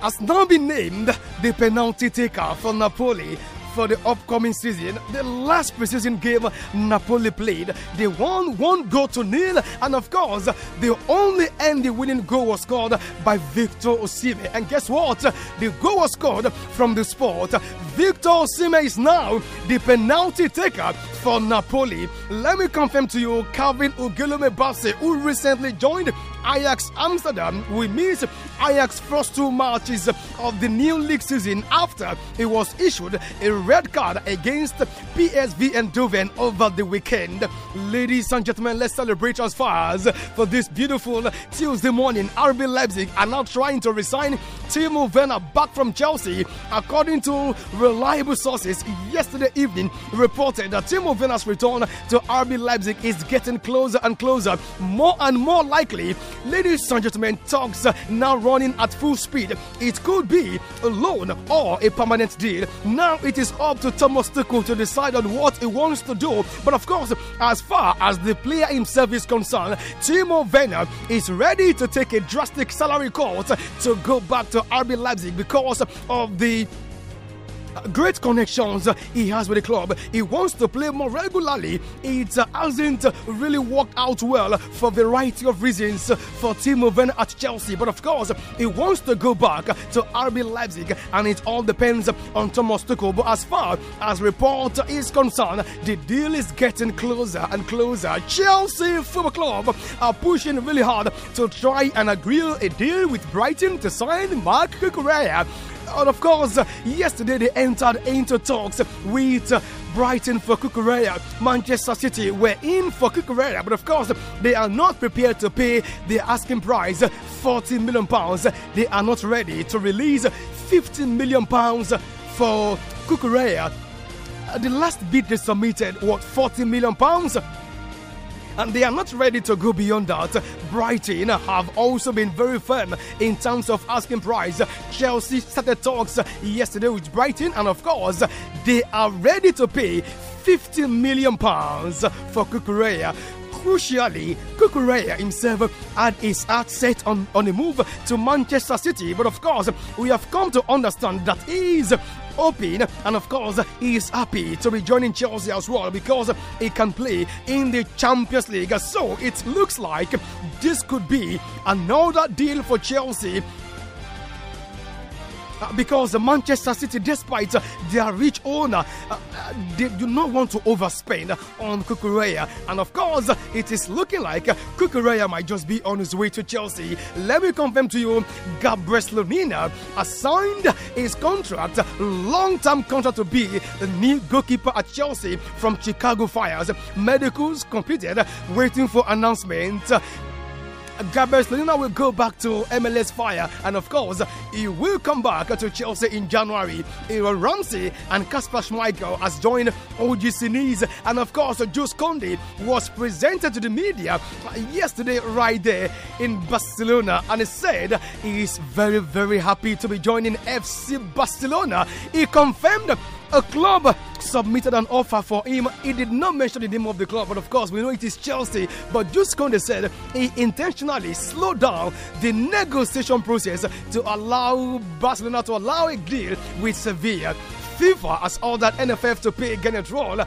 has now been named the penalty taker for Napoli for the upcoming season. The last preseason game Napoli played, they won one goal to nil, and of course, the only end the winning goal was scored by Victor Osimhen. And guess what? The goal was scored from the spot. Victor Osimhen is now the penalty taker for Napoli. Let me confirm to you, Calvin Ugilome Basse, who recently joined Ajax Amsterdam, will miss Ajax's first two matches of the new league season after he was issued a red card against PSV Eindhoven over the weekend. Ladies and gentlemen, let's celebrate as as for this beautiful Tuesday morning. RB Leipzig are now trying to resign Timo Werner back from Chelsea, according to reliable sources yesterday evening reported that Timo Werner's return to RB Leipzig is getting closer and closer, more and more likely. Ladies and gentlemen, talks now running at full speed. It could be a loan or a permanent deal. Now it is up to Thomas Tuchel to decide on what he wants to do. But of course, as far as the player himself is concerned, Timo Werner is ready to take a drastic salary cut to go back to RB Leipzig because of the great connections he has with the club. He wants to play more regularly. It hasn't really worked out well for a variety of reasons for Timo Werner at Chelsea. But of course, he wants to go back to RB Leipzig, and it all depends on Thomas Tuchel. But as far as report is concerned, the deal is getting closer and closer. Chelsea Football Club are pushing really hard to try and agree a deal with Brighton to sign Mark Kukurea. And of course, yesterday they entered into talks with Brighton for Kukureya, Manchester City were in for Kukureya, but of course they are not prepared to pay the asking price, 40 million pounds. They are not ready to release 15 million pounds for Kukureya. The last bid they submitted was 40 million pounds and they are not ready to go beyond that. Brighton have also been very firm in terms of asking price. Chelsea started talks yesterday with Brighton, and of course, they are ready to pay 50 million pounds for Kukurea crucially, Kukurea himself had his heart set on, on a move to Manchester City. But of course, we have come to understand that he is hoping, and of course, he is happy to be joining Chelsea as well because he can play in the Champions League. So it looks like this could be another deal for Chelsea uh, because Manchester City, despite uh, their rich owner, uh, they do not want to overspend on Kukureya. And of course, it is looking like Kukureya might just be on his way to Chelsea. Let me confirm to you, Gabriel Slonina has signed his contract, long-term contract to be the new goalkeeper at Chelsea from Chicago Fires. Medicals completed, waiting for announcement. Gabriel Lenina will go back to MLS Fire, and of course, he will come back to Chelsea in January. Aaron Ramsey and Kasper Schmeichel has joined OGC Nice, and of course, Jules Conde was presented to the media yesterday right there in Barcelona, and he said he is very, very happy to be joining FC Barcelona. He confirmed a club submitted an offer for him. He did not mention the name of the club, but of course, we know it is Chelsea. But Just Conde said he intentionally slowed down the negotiation process to allow Barcelona to allow a deal with Sevilla. FIFA has ordered NFF to pay Gennett Roll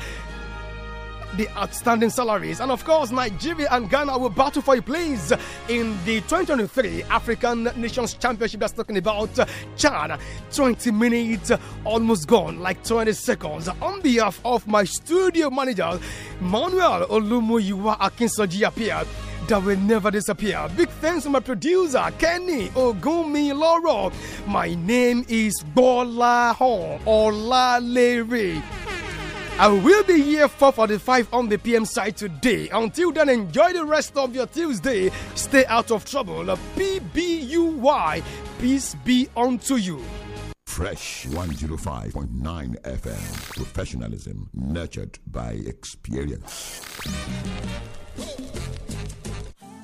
the outstanding salaries. And of course, Nigeria and Ghana will battle for a place in the 2023 African Nations Championship that's talking about Chad. 20 minutes almost gone, like 20 seconds. On behalf of my studio manager, Manuel Olumuyiwa Akinsoji appeared that will never disappear. Big thanks to my producer, Kenny Ogumi Loro. My name is Bola Hon Ola Leary. I will be here 4:45 on the PM side today. Until then, enjoy the rest of your Tuesday. Stay out of trouble. PBUY. Peace be unto you. Fresh 105.9 FM. Professionalism nurtured by experience.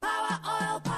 Power oil, power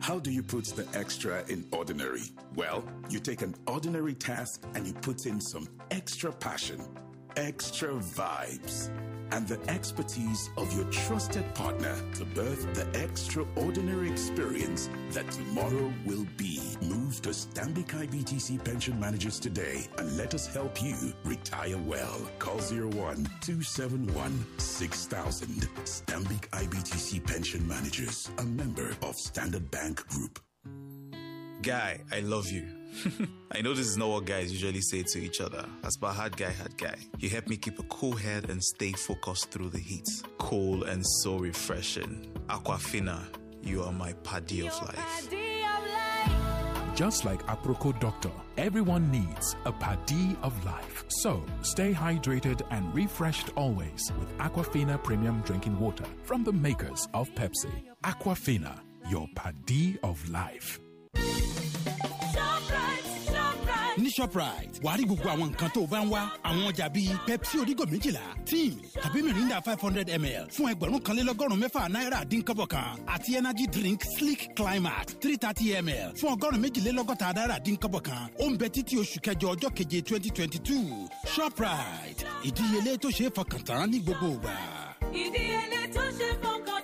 How do you put the extra in ordinary? Well, you take an ordinary task and you put in some extra passion, extra vibes and the expertise of your trusted partner to birth the extraordinary experience that tomorrow will be. Move to Stambik IBTC Pension Managers today and let us help you retire well. Call 01 271 6000. Stambik IBTC Pension Managers, a member of Standard Bank Group. Guy, I love you [laughs] I know this is not what guys usually say to each other. As per hard guy, hard guy. You help me keep a cool head and stay focused through the heat. Cool and so refreshing. Aquafina, you are my paddy of life. Just like Aproco Doctor, everyone needs a paddy of life. So stay hydrated and refreshed always with Aquafina Premium Drinking Water from the makers of Pepsi. Aquafina, your paddy of life. ní shoprite wàá rí gbogbo àwọn nǹkan tó o bá ń wá àwọn ọjà bíi pepsi orígò méjìlá team tàbí mirinda five hundred ml fún ẹgbẹ̀rún kan lé lọ́gọ́rùn-ún mẹ́fà náírà dín kọ́bọ̀ kan àti energy drink slick climax three thirty ml fún ọgọ́rùn-ún méjìlélọ́gọ́ta náírà dín kọ́bọ̀ kan ó ń bẹ títí oṣù kẹjọ ọjọ́ keje twenty twenty two shoprite ìdíyelé tó ṣe é fọkàn tán ní gbogbo ìgbà. ìdíyelé tó ṣe é fọkàn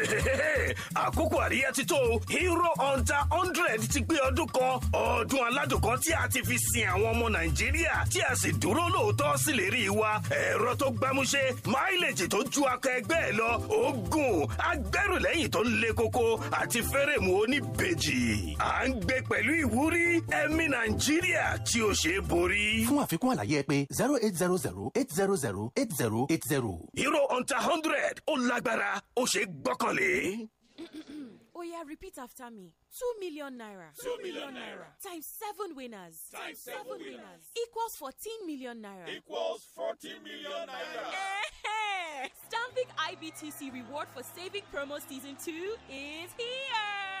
[laughs] àkókò àríyá ti tó o hero hunter hundred ti gbé ọdún kan ọdún aládùn kan tí a ti fi sin àwọn ọmọ nàìjíríà tí a sì dúró lóòótọ́ sí lè rí i wa ẹ̀rọ tó gbámúṣé máìlèjì tó ju akọ ẹgbẹ́ ẹ lọ oògùn agbẹ́rùlẹ́yìn tó ń le koko àti fẹ́rẹ̀mù oníbejì à ń gbé pẹ̀lú ìwúrí ẹ̀mí nàìjíríà tí ó ṣe borí. fún àfikún àlàyé ẹ pé zero eight zero zero eight zero zero eight zero eight zero. hero hunter hundred ó lágbára ó ṣe gbọ́kàn [clears throat] oh yeah, repeat after me. Two million naira. Two million naira. Times seven winners. Times seven, seven winners. winners. Equals fourteen million naira. Equals fourteen million naira. Stamping IBTC reward for saving promo season two is here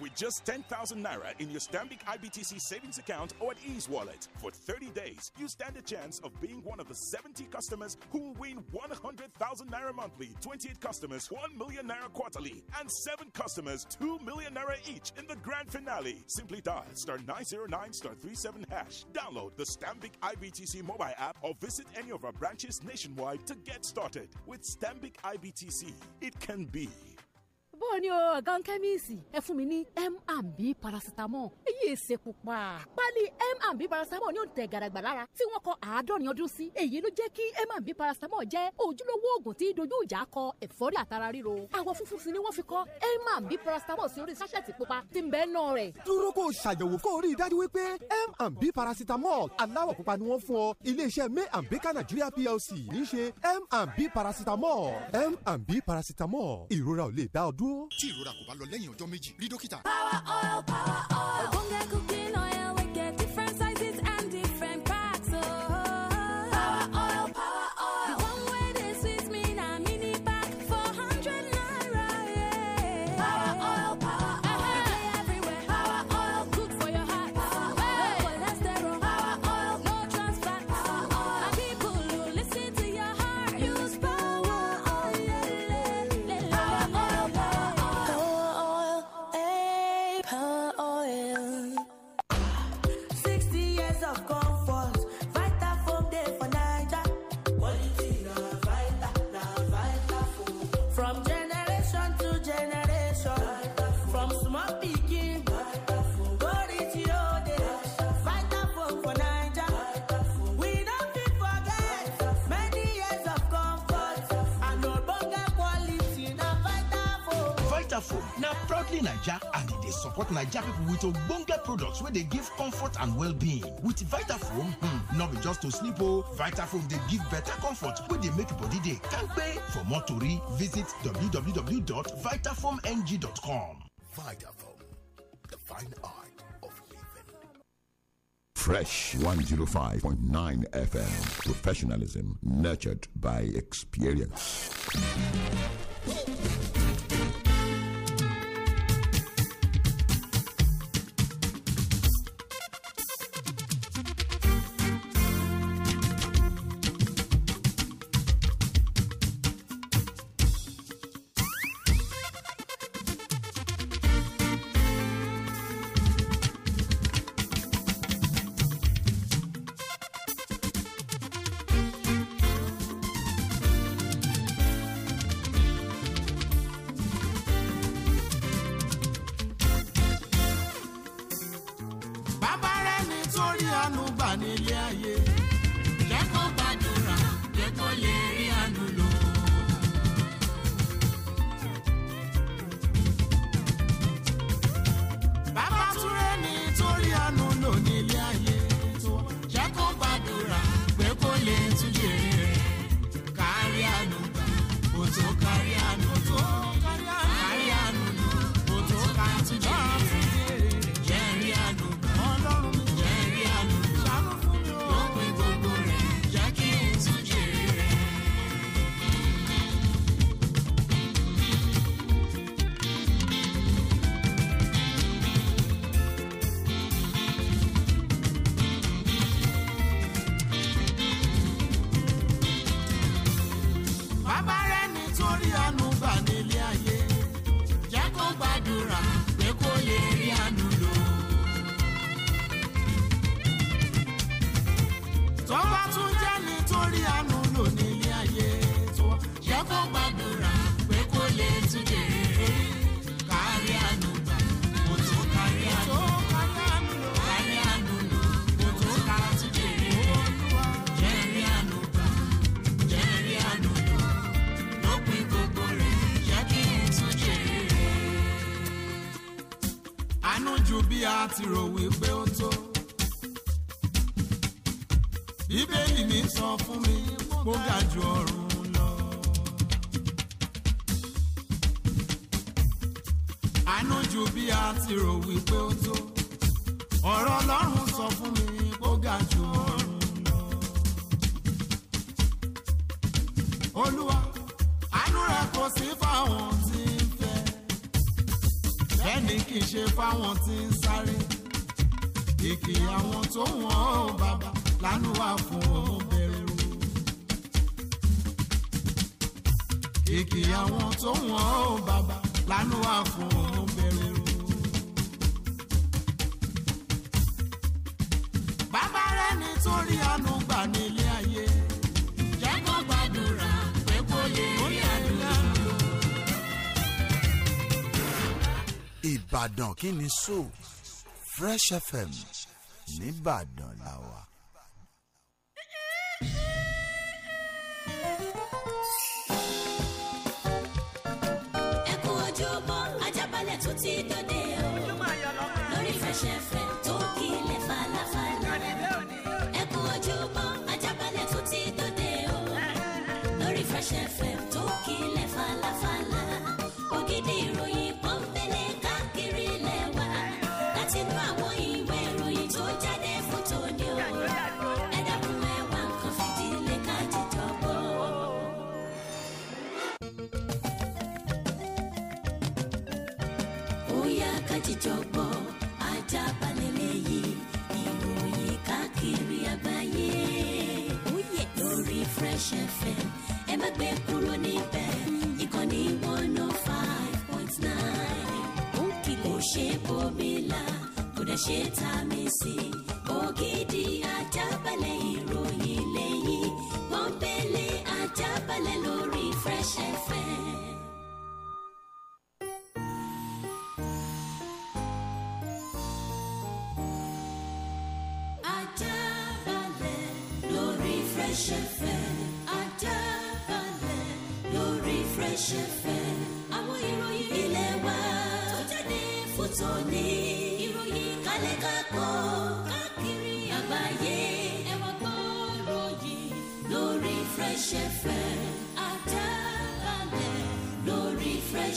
with just 10,000 Naira in your Stambik IBTC savings account or at Ease Wallet. For 30 days, you stand a chance of being one of the 70 customers who will win 100,000 Naira monthly, 28 customers 1 million Naira quarterly, and 7 customers 2 million Naira each in the grand finale. Simply dial star 909 star 37 hash. Download the Stambik IBTC mobile app or visit any of our branches nationwide to get started. With Stambik IBTC, it can be. bọ́ọ̀ ni o ọ̀gán kẹ́míìsì ẹ fún mi ní m and b paracetamol èyí èsè pupa pálí m and b paracetamol ní òǹtẹ̀ gàràgbà lára tí wọ́n kọ àádọ́rin ọdún sí èyí ló jẹ́ kí m and b paracetamol jẹ́ ojúlówó oògùn tí dojú ìjà kọ ẹ̀fọ́rí àtara ríro àwọ̀ funfun sí ni wọ́n fi kọ m and b paracetamol sí orí sáṣẹ̀tì pupa tí ń bẹ́ẹ̀ náà rẹ̀. dúró kó o ṣàyẹ̀wò kó o rí i dájú wípé m and b paracetamol aláwọ̀ pupa ni wọ́n fún ọ iléeṣẹ́ may and baker nigeria plc ní í ṣe m and b paracetamol m and b paracetamol ìrora ò lè dá ọ dúró tí ìrora kò bá lọ lẹ́yìn ọjọ́ méjì rí dókítà. power oil power oil ògùn gẹ́gùn support naija people with ogbonge products where they give comfort and well-being with vitafoam hmm, no be just to sleep oh vitafoam they give better comfort where they make body day. Can't kampe for more tori visit www.vitafoamng.com vitafoam the fine art of living. fresh 105.9 fm professionalism nurtured by experience. kìkì àwọn tó wọ́n ó bàbá lánú wà fún òun bẹ̀rẹ̀ o. bàbá rẹ̀ nítorí àánú gbà nílé ayé. jẹ́ gbàdúrà pé kó lè àdúrà. Ìbàdàn kí ni so Fresh FM nìbàdàn làwà. ṣe ta mi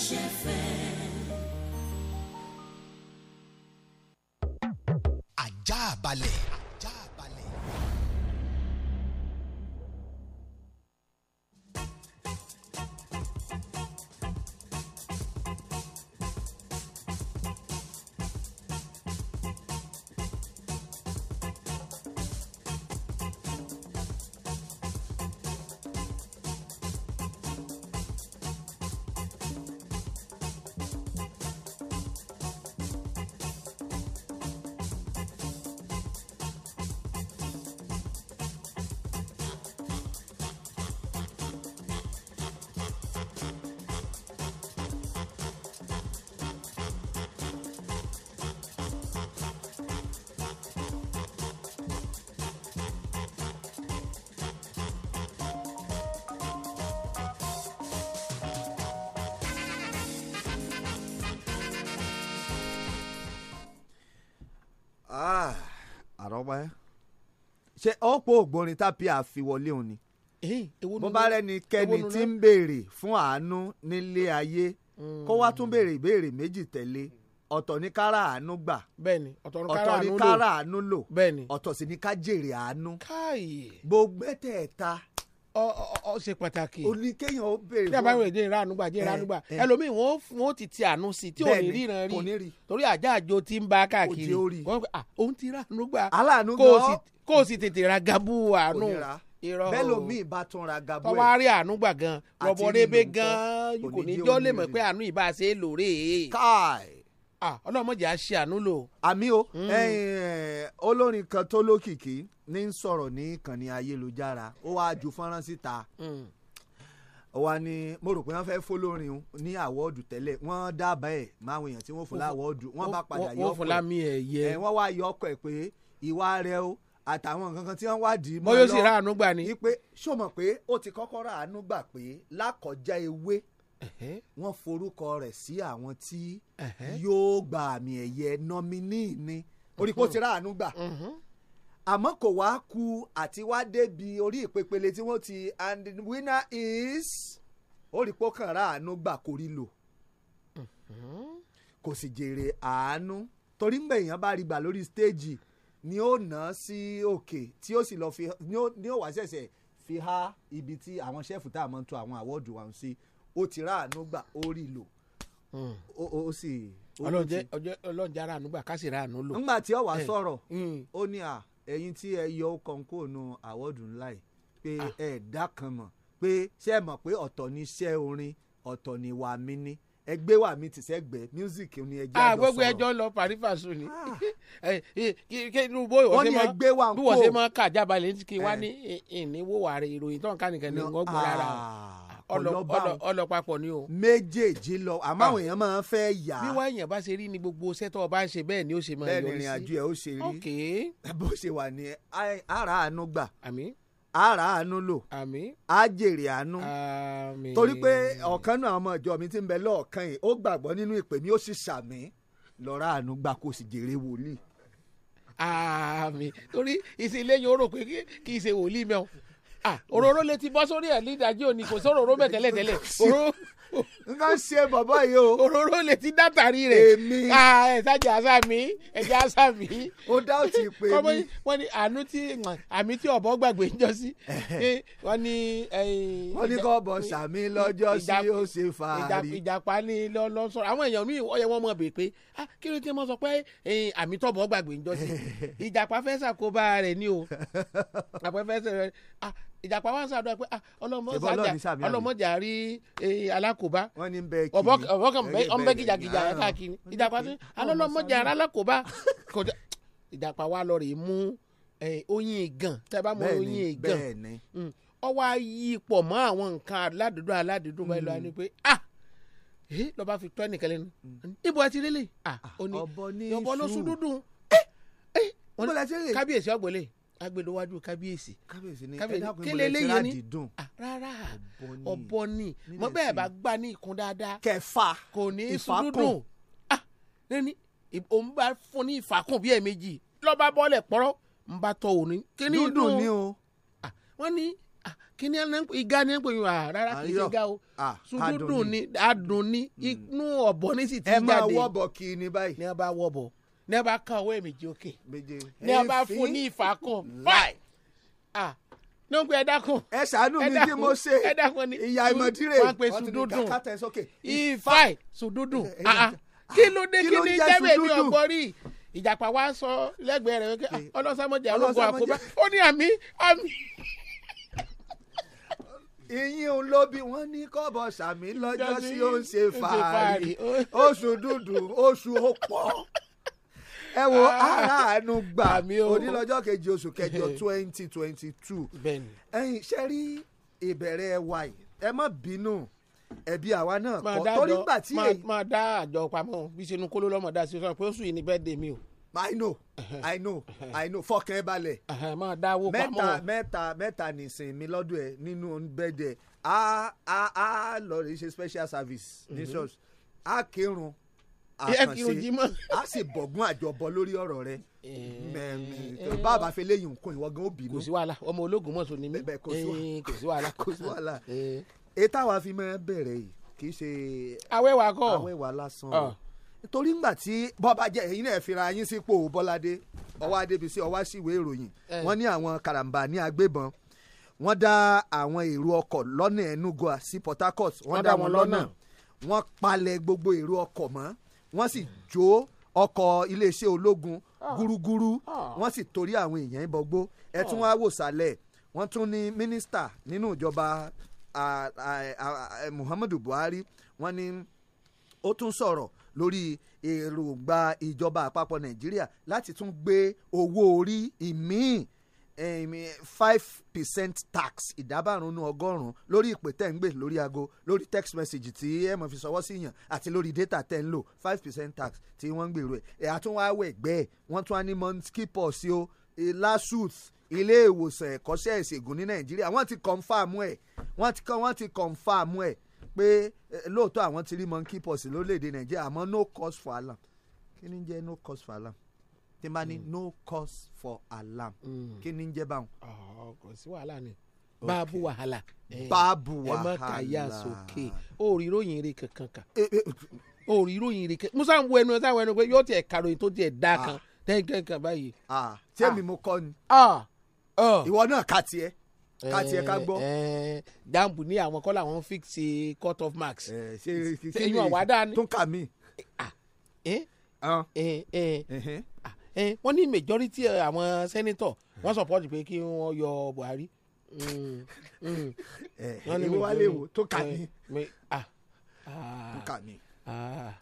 fm. ajá balẹ̀. Ah, àrọ́pá ẹ ṣé ọ̀pọ̀ ògbórin tàbí àfiwọlé òun ni bó bá rẹni kẹni tí ń béèrè fún àánú nílé ayé hmm. kó wá tún béèrè ìbéèrè méjì tẹ̀lé ọ̀tọ̀ ní kára àánú gbà ọ̀tọ̀ ní kára àánú lò ọ̀tọ̀ sì ní ká jèrè àánú gbogbo ẹ̀tẹ̀ẹ̀ta ọ ṣe pàtàkì. o ní kéèyàn ó béèrè fún. tí a bá wẹ̀ jẹ́ ìranú gbà jẹ́ ìranú gbà ẹlòmíì wọ́n wọ́n ti ti àánú sí tí ò ní ríran rí torí àjá àjò ti ń ba káàkiri wọ́n ah òun ti ránú gbà kó o sì tètè ra gabu àánú bẹ́ẹ̀ lomi ìbá tún ra gabu ẹ̀. tọ́wá rí àánú gbà gan rọ̀bọ̀rẹ́bẹ̀ gan kò ní jọ́ lè mọ̀ pé àánú ìbá ṣe é lòrè. káì ọlọ́mọdé á ṣe àánú lò. àmì o hmm. eh, olórin kan tó lókìkí ní ń sọ̀rọ̀ ní ìkànnì ayélujára ó wáá ju fọ́nrán síta mm. wa ni mo rò pé wọ́n fẹ́ fọlọ́rin ní àwọ́ọ̀dù tẹ́lẹ̀ wọ́n dábàá ẹ̀ máwọn èèyàn tí wọ́n fún láwọ́ọ̀dù wọ́n bá padà yọ ọkọ̀ ẹ̀ wọ́n wá yọ ọkọ̀ ẹ̀ pé ìwà rẹ o àtàwọn nǹkan kan tí wọ́n wádìí mọ́ lọ mọ́yọ́sì ráàánú gbà ni. ipe ṣó mọ̀ pé ó ti kọ́kọ́ ráàánú gbà pé lákọjá ewé wọ́n forúkọ rẹ̀ sí àwọn tí yóò gba àmì ẹ̀yẹ nọ́mínì ni orí kó ti ráàánú gbà mm-hmm àmọ́ kò wá ku àti wá débi orí ìpepele tí wọ́n ti and the winner is òrìpó kan ráàánú gbà kórí lò kò sì jèrè àánú torí ń gbẹ̀yìn bá rí gbà lórí stéèjì ni ó nà á sí òkè tí ó sì lọ fi ni ó wá ṣẹ̀ṣẹ̀ fi há ibi tí àwọn ṣẹ́ẹ̀fù tá a máa ń tò àwọn àwọ́ọ̀dù wa ń sí ó ti ráàánú gbà orí lò hmm. ó sì. ọlọ́run jẹ́ ọlọ́run jẹ́ ráàánú gbà ká sì ráàánú lò. ńgbà tí ó wá sọ̀rọ̀ hmm. ó ní à ẹ̀yin tí ẹ yọ kọ́ńkó nu àwọ́dù ńlá yìí pé ah. ẹ dá kan mọ̀ pé ṣé ẹ mọ̀ pé ọ̀tọ̀ ni iṣẹ́ orin ọ̀tọ̀ ni wà mí ní ẹgbẹ́ wà mí tìṣẹ́gbẹ́ music ni ẹjẹ́ ah, àjọsọ̀rọ̀. gbogbo ẹjọ́ lọ pàrífàṣù ni ah. [laughs] eh, eh, kí inú bó wà ń kó bí wọ́n ṣe máa kà jábalẹ̀ kí wá eh. ní ìníwó wà rẹ̀ ìròyìn tó ń ká wọ́n gbọ́ rárá ọlọpàpọ̀ ni o. méjèèjì lọ àmọ́ ah. àwọn èèyàn máa ń fẹ́ yà. bí wàá yàn bá ṣe rí ni gbogbo sẹ́tọ̀ ọba ṣe bẹ́ẹ̀ ni ó ṣe máa yọrí sí. bẹ́ẹ̀ ni ìrìnàjò ó ṣe rí. [laughs] bó ṣe wà ní ara àánú gbà. ara àánú lò. àmín àánú. torí pé ọ̀kan náà ọmọ ìjọ mi ti ń bẹ lọ́ọ̀kan yìí ó gbàgbọ́ nínú ìpè mi ó sì ṣàmì lọ́ra àánú gbà kó sì jèrè wòlíì. àmín torí ìsìn ilé yóò rò pé kì í ṣe wòlíì mẹ́wọ̀n Ah, òróró lè ti bọ́ sórí ẹ̀ nídàájí òní kò sóróró bẹ̀ tẹ́lẹ̀ tẹ́lẹ̀ n bá ṣe bàbá yìí o. òróró lè ti dátàrí rẹ̀. èmi. Ah, ẹ̀sájà àṣà mi ẹ̀jẹ̀ àṣà mi. ó dá ò tí ì pè mí. wọ́n ní àánú tí àmì tí ọ̀bọ gbàgbé ń jọ sí. Eh, wọ́n ní. Eh, wọ́n ní kọ́ bọ̀ sàmí lọ́jọ́ sí ó ṣe fàárì. ìjàpá ni lọ́sọ̀rọ̀ àwọn èèyàn mi ọ̀yẹ́ wọn mọ̀ bè pé ah, kí ló ti mọ̀ sọ pé eh, àmì tọ̀bọ̀ gbàgbé ń jọ sí. [laughs] ìjàpá fẹ́ ṣàkóbá rẹ̀ ni o. [laughs] àpẹfẹ́ sẹ́rẹ̀ ìjàpá wa ń sàdúrà pé ah, ọlọmọdé àrí e, alákòóbá ọbọkànbẹ gíjàgíjà ah. káàkiri ìjàpá tún alọlọmọdé àrí alákòóbá ìjàpá wa lọ rè mú oyin ìgàn tẹ bá mọ oyin ìgàn mm, ọwọ́ ayé pọ̀ mọ́ àwọn nǹkan aládùúgbò aládùúgbò báyìí lọ́wọ́ ni mm. pé ah ee lọ́ba fi tọ́ ẹnìkan lẹ́nu níbo mm. ẹ ti rí lè ah ọ̀bọ ló sún dúdú ẹ eh, ẹ eh, kábíyèsí ọ̀gbọ̀lẹ̀ agbèlówájú kábíyèsí kábíyèsí ni kílẹ̀ eléyìí ni ah, rárá ọ̀bọ ni mo bẹ́ẹ̀ bá gbà ní ìkun dáadáa kẹfà kò ní sùdúdùn ah, ní òun bá fún ní ìfàkùn bíi ẹ̀ẹ̀mejì lọ́ba bọ́ọ̀lẹ̀ pọ́rọ́ ń bá tọ òní kíní dùn ni o ah, wọ́n ní kíní igá ni ẹ̀ ń pè yín rárá kì í ṣe igá o sùdúdùn ni adùn ni hmm. inú ọ̀bọ ní sì ti jáde ẹ máa wọ́bọ̀ kí ni báyìí ni a bá wọ́bọ̀ ní ẹ bá kan ọwọ́ èmìjì òkè ní ẹ bá fún ní ìfàkùn fáì ah ní o gbé ẹ dákun ẹ ṣàánú mi kí mo ṣe ìyá ìmọ̀dírè wọ́n pe sùdúdùn ìfáì sùdúdùn kí ló dé kí ni jẹ́ bẹ́ẹ̀ ní ọ̀gbọ́n rí ìjàpá wa sọ lẹ́gbẹ̀ẹ́ rẹ̀ wípé ah, ọlọ́sàmọ́jà ológun àkóbá ó ní àmì àmì ìyín òun ló bí wọ́n ní kọ́bọ̀ sàmì lọ́jọ́ sí ó ń ṣe fàárì oṣù dúdú oṣù ó pọ̀ ẹ wo aláàánú ah. gbà onílọ́jọ́ kejì oṣù kẹjọ [laughs] twenty twenty two ẹ̀yin ṣe rí ìbẹ̀rẹ̀ ẹwà yìí ẹ má bínú ẹbí àwa náà kọ́ torí gbà tí èyí. máa dá àjọ pamọ́ bí sinú kóló lọ́mọ dá sí sọ pé oṣù yìí ni bẹ́ẹ̀ mi o. I know [laughs] I know I know fọkàn ẹ balẹ̀. máa dá owó pamọ́. mẹ́ta mẹ́ta mẹ́ta nìsín mi lọ́dún ẹ nínú bẹ́ẹ̀dẹ̀ a a a lọ rí ṣe special service ní mhm. a kírun àkànṣe a sì bọ̀gún àjọbọ lórí ọ̀rọ̀ rẹ eh, eh. bàbá fẹ lẹ́yìn nǹkan ìwọ gan obìnrin. kò sí wàhálà ọmọ ológun mọ̀sán ni mí eh, kò sí wàhálà kò sí wàhálà. ètò àwa fi máa bẹ̀rẹ̀ yìí kì í ṣe. awẹ́wà kọ́ awẹ́wà lásán ah. torí ngbà tí bọ́ba jẹ́ ẹ̀yin náà fira yín sípò bọ́ládé ọwọ́ adébísí ọwọ́ síwé ìròyìn wọ́n ní àwọn karambà ní agbébọn wọ́n dá àwọn èrò ọkọ̀ lọ́nà Enugu sí Port Harcourt wọ́n dá wọn lọ́nà wọ́n palẹ̀ gbogbo èrò ọkọ̀ mọ́ wọ́n sì jó ọkọ̀ iléeṣẹ́ ológun ah. gúrúgúrú ah. wọ́n sì torí àwọn èèyàn ìbọgbó ẹ tún ah. wá wò sálẹ̀ wọ́n tún ní mínísítà nínú ìjọba Muhammadu Buhari wọ́n ní ó tún sọ̀rọ̀ lórí èròǹgbà ìjọba àpapọ̀ Nàìjíríà láti tún gbé owó orí ìmíì five percent tax ìdábàrúnú ọgọ́rùn-ún lórí ìpè tẹ̀ ń gbè lórí aago lórí text message tí ẹ mọ̀ fi sọwọ́ sí yàn àti lórí data tẹ̀ ń lò five percent tax tí wọ́n ń gbèrò ẹ̀ ẹ̀ àtúnwáwẹ̀ gbẹ́ wọ́n tún á ní mount kipọ̀ sí o lasuth ilé ìwòsàn ẹ̀kọ́ṣẹ́ ìṣègùn ní nàìjíríà wọ́n ti kọ̀nfàmù ẹ̀ wọ́n ti kọ́ wọ́n ti kọ̀nfàmù ẹ̀ pé lóòótọ́ àwọn ti rí monkeypox lórílẹ̀‐èdè nàìjíríà àmọ́ no cause for alarm kí ni jẹ́ no cause for alarm tí n bá ní mm. no cause for alarm mm. kí ni ń jẹ́ báwọn. Ah, kò sí wàhálà ni báàbù wàhálà báàbù wàhálà ẹ má kàyà sókè ó rí ròyìn eré kankan kà ó eh, eh, rí ròyìn eré kankan musa ń wo ẹnu ẹ sáwọn ẹnu pé yóò tiẹ̀ karòyìn tó tiẹ̀ dá ah. kan tẹ́ǹkẹ́ kan báyìí. Ah, ṣé mi mo kọ́ ni ìwọ náà kà tiẹ̀ ká tiẹ̀ ká gbọ́. jambu eh, ní àwọn kọ́ làwọn fix cut off marks. ṣe ṣe ṣe yín àwàdà ni. tún kà mí. Eh, wọ́n ní majority eh, àwọn senator. wọ́n support pé kí wọ́n yọ Buhari. Mm, mm. [laughs] Eh, wọ́n ní wọ́n lè wò tó kà ní. Ah, tó kà ní. Ah,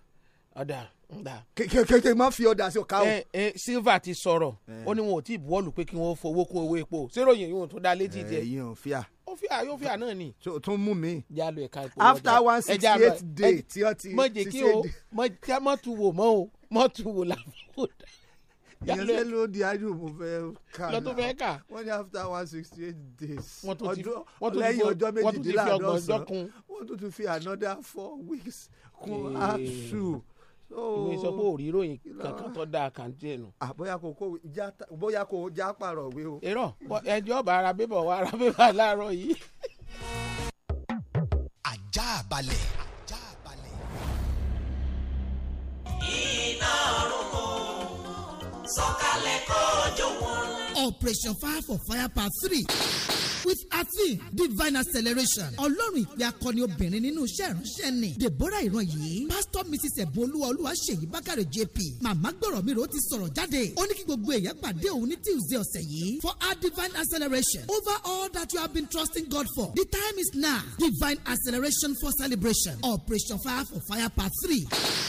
ah, ọ̀dà ọ̀dà. kékeré má fi ọ̀dà sí ọ̀ka o. silva ti sọ̀rọ̀ ó ní wọn ò tí ì buwọ́lù pé kí wọ́n fowó kún owó epo séròyìn yìí wọn tó dá létí jẹ. ẹyin ò fíà ó fi àyò fi àná ni. tó ń mú mi. já lo ìpolówó ọjà after one sixty eight day tí ó ti ṣiṣẹ́ de. mọ̀jẹ̀ kí o mọ̀tú wò mọ́ o mọ̀tú wò làwọn ò dá ìyẹnsẹ́ ló di ájú mo fẹ́ kà náà lọ́tún fẹ́ kà wọ́n ní after one sixty eight days ọdún lẹ́yìn ọjọ́ méjìdínláàdọ́sán wọ́n tún ti fi another four weeks kún apsu. ìwé sọ pé òrí ìròyìn kankan tó dáa kan tiẹ̀ nù. Ah, bóyá kò kó bóyá kò já pààrọ̀ wé o. èrò ẹjọ́ bá ara bíbọ̀ wá ara bíbọ̀ láàárọ̀ yìí. ajá balẹ̀. iná ọ̀run sọ̀kalẹ̀ kó ojú wọn. operation fire for fire part three with afi divine acceleration ọlọ́run ìpè akọni obìnrin nínú iṣẹ́ ìránṣẹ́ ni deborah ìran yìí pastor mrs ẹ̀bùnolúwa olúwaṣèyí bákàrẹ̀ jp màmá gbọ́rọ̀ mi rò ó ti sọ̀rọ̀ jáde ó ní kí gbogbo èèyàn pàdé òun ní tuesday ọ̀sẹ̀ yìí for our divine acceleration over all that you have been trusting God for the time is now divine acceleration for celebration operation fire for fire part three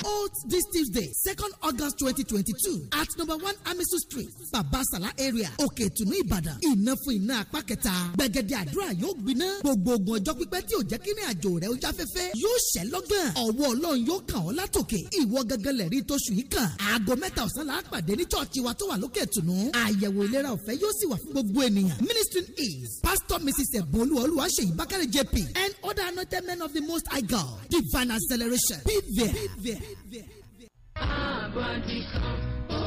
hold this tuesday second august twenty twenty two at number one amisu street babasala area òkè ìtùnú ìbàdàn ìnáfún iná apá kẹta gbàgede àdúrà yóò gbiná gbogbo ogun ọjọ́ pípẹ́ tí ò jẹ́ kí ní àjò rẹ̀ ó jáfẹ́fẹ́ yóò ṣẹ́ lọ́gàn ọwọ́ ọlọ́run yóò kàn ọ́ látòkè ìwọ gangan lẹ̀rí tóṣù yìí kàn aago mẹ́ta ọ̀sán la pàdé ní chọ́ọ̀chì wa tó wà lókè ìtùnú àyẹ̀wò ìlera ọ̀fẹ́ yóò sì wà fún gbogbo ènìyàn ministry is pastor mrs ebolu olúwaṣeyí bakari jp and other anointed men of the most high god divine acceleration be there. Be there. Be Be there. Ah,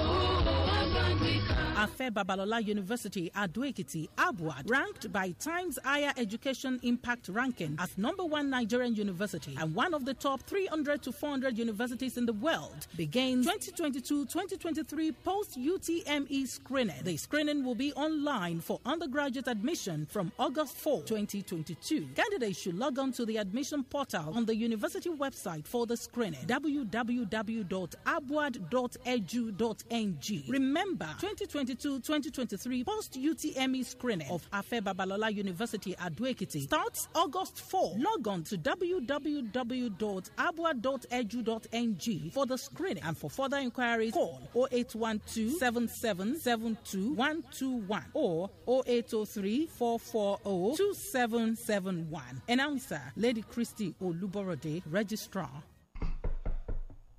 Afe Babalola University, Aduekiti, Abuad, ranked by Times Higher Education Impact Ranking as number one Nigerian university and one of the top 300 to 400 universities in the world, begins 2022-2023 post-UTME screening. The screening will be online for undergraduate admission from August 4, 2022. Candidates should log on to the admission portal on the university website for the screening, www.abuad.edu.ng. Remember 2022-2023 post-UTME screening of Afe Babalola University at Duekiti starts August 4. Log on to www.abua.edu.ng for the screening and for further inquiries call 0812 121 or 0803 440 2771. Announcer Lady Christy Oluborode, Registrar.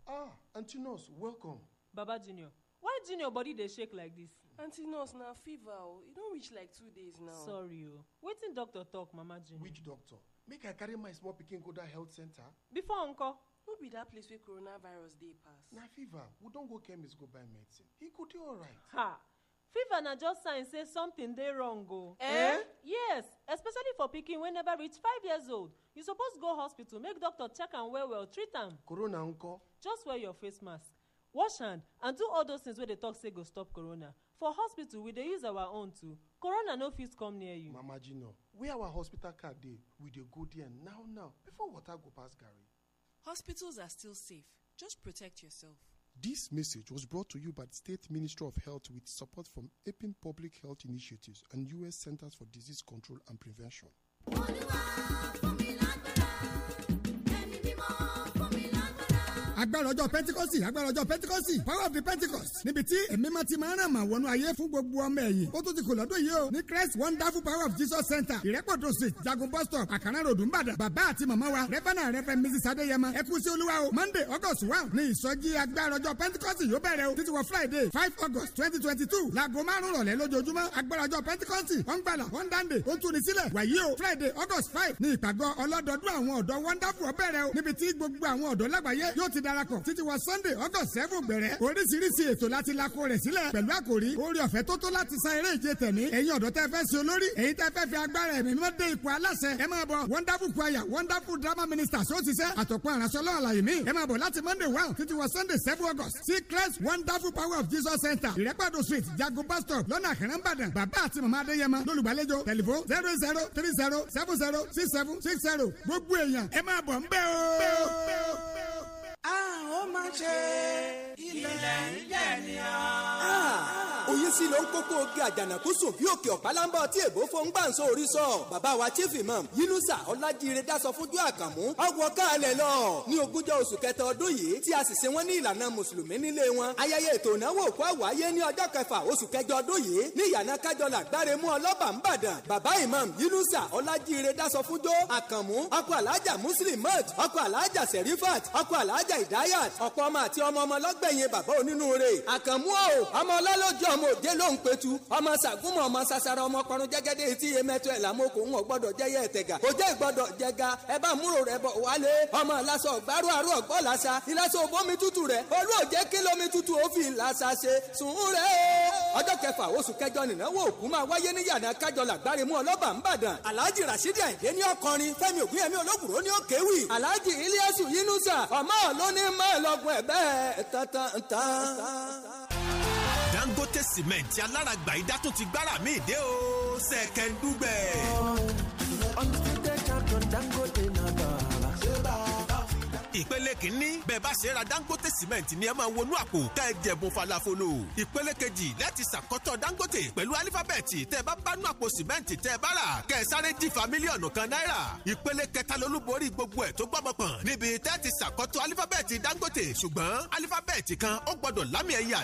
Ah, Auntie welcome. Baba Junior why do your body they shake like this? auntie nurse now fever oh. don't reach like two days now sorry o oh. wetin doctor talk mama Jenny? which doctor make i carry my small picking go dat health center. before uncle. no be that place with coronavirus day pass Now fever we don't go chemist go buy medicine He could do alright ha fever na just sign say something they wrong go. Oh. Eh? eh yes especially for picking whenever never reach five years old you suppose go hospital make doctor check and well well treat them. corona uncle. just wear your face mask wash hand and do all those things wey dey talk say go stop corona for hospital we dey use our own too corona no fit come near you. mama jino where our hospital card dey we dey go there now now before water go pass garri. hospitals are still safe just protect yourself. This message was brought to you by the State Ministry of Health with support from APIN e Public Health Initiatives and U.S. Centers for Disease Control and Prevention. agbára ọjọ́ pentikọ́sì agbára ọjọ́ pentikọ́sì power of the pentikọ́sì níbi tí ẹ̀mí máa ti máa ràn máa wọnú ayé fún gbogbo ọmọ ẹ̀yìn ó tún ti kò lọ́dún yìí o ní christ wonderful power of jesus center ìrẹ́pọ̀tò street jagun bus stop àkàrà road ńbàdàn bàbá àti màmá wa rẹ́fẹ̀nà rẹ́fẹ̀ mrs adéyẹmọ ẹ kú sí olúwa o monday august one ní ìsọjí agbára ọjọ́ pentikọ́sì yóò bẹ̀rẹ̀ o títí wọ friday five august twenty twenty two laago márùn rọ̀lẹ́ lójoojúmọ́ agbára ọjọ́ pentikọ́sì ọ̀ngbàlà ọ̀ndàndè ó friday august five ní ìpàgọ́ ọlọ́dọọdún àwọn ọ̀dọ́ wonderful ọbẹ̀rẹ̀ o gbogbo àwọn ọ̀dọ́ lágbàáyé yóò darapọ̀ títí wa sunday august seven gbẹ̀rẹ̀ oríṣiríṣi ètò láti lakó rẹ̀ sílẹ̀ pẹ̀lú àkòrí orí ọ̀fẹ́ tó tó láti sa eré ìje tẹ̀mí ẹ̀yin ọ̀dọ́ tẹ́ fẹ́ ṣe olórí èyí tẹ́ fẹ́ fi agbára ẹ̀mí mímọ́ dé ipò aláṣẹ ẹ máa bọ̀ wonderful choir wonderful drama minister ṣó ti sẹ́ àtọ̀pọ̀ àránṣọ́lọ́ àlàyé mi ẹ máa bọ̀ láti monday one títí wa sunday seven august sí christ wonderful power of jesus center ìrẹ́pàdé street jago bus stop lọ́nà àkàrà bàbá àti màmá adéyẹmọ lólùgbàlejò tẹlifó zero zero three zero seven zero six seven six zero gbogbo èèyàn ẹ máa bọ̀ ńbẹ́ o. àrùn ó máa ṣe ilẹ̀ ilẹ̀ ni a ń kókó oge àjànàkú sùn bí òkè ọ̀pálábọ̀ tí èbó fún gbà orí sọ. bàbá wa chief imam yunusa ọlájíire dáṣọ fúnjú àkànmú ọwọ́ káàlẹ̀ lọ. ní ogúnjọ́ oṣù kẹta ọdún yìí tí a sì ṣe wọ́n ní ìlànà mùsùlùmí nílé wọn. ayẹyẹ ètò ìnáwó òkú àwáyé ní ọjọ́ kẹfà oṣù kẹjọ lọ́jọ́ ọ̀pọ̀ ọmọ àti ọmọ ọmọ lọ́gbẹ̀yìn bàbá onínúure àkànmú o ọmọ ọlọ́lọ́jọ́ ọmọ òde ló ń petu ọmọ sàgúnmọ̀ ọmọ sasara ọmọ parun jẹ́gẹ́dẹ́ etí emẹ́tọ́ ẹ̀ lámókò ń wọ̀ gbọ́dọ̀ jẹ́yẹ ẹ̀tẹ̀gà òjẹ́ ìgbọ́dọ̀ jẹga ẹ bá múrò rẹ bọ̀ wálé ọmọ lásọ gbárù àrù ọ̀gbọ́ làṣà ìlàsọ òbómi tútù rẹ olú òjẹ́ kílómi tútù ó fi làṣà ṣe sùn rẹ ọjọ́ kẹfà oṣù kẹjọ nìnáwó òkú máa wáyé ní yàrá kájọ ń alhaji rasidi ní ọkọrin ó ní mẹ́ẹ̀lọ́gùn ẹ̀ bẹ́ẹ̀ tantan. Dangote simenti alára gbàyídá tó ti gbára mi de o ṣẹ̀kẹ̀ ń dúgbẹ̀. ọ̀nà tí tẹ̀ champion Dangote ìpele kìíní bẹ́ẹ̀ bá ṣe ra dangote cement ni ẹ máa wọnú àpò tẹ́ ẹ jẹ̀bùn falafolo ìpele kejì láti ṣàkọ́tọ̀ dangote pẹ̀lú alifábẹ́ẹ̀tì tẹ́ ẹ bá bánú àpò cement tẹ́ ẹ bá rà kẹ́ ẹ sáré jìfà mílíọ̀nù kan náírà ìpele kẹta lolúborí gbogbo ẹ̀ tó gbọ́mọpọ̀n níbi tẹ́ ti alifábẹ́ẹ̀tì dangote ṣùgbọ́n alifábẹ́ẹ̀tì kan ó gbọ́dọ̀ lámì ẹ̀yẹ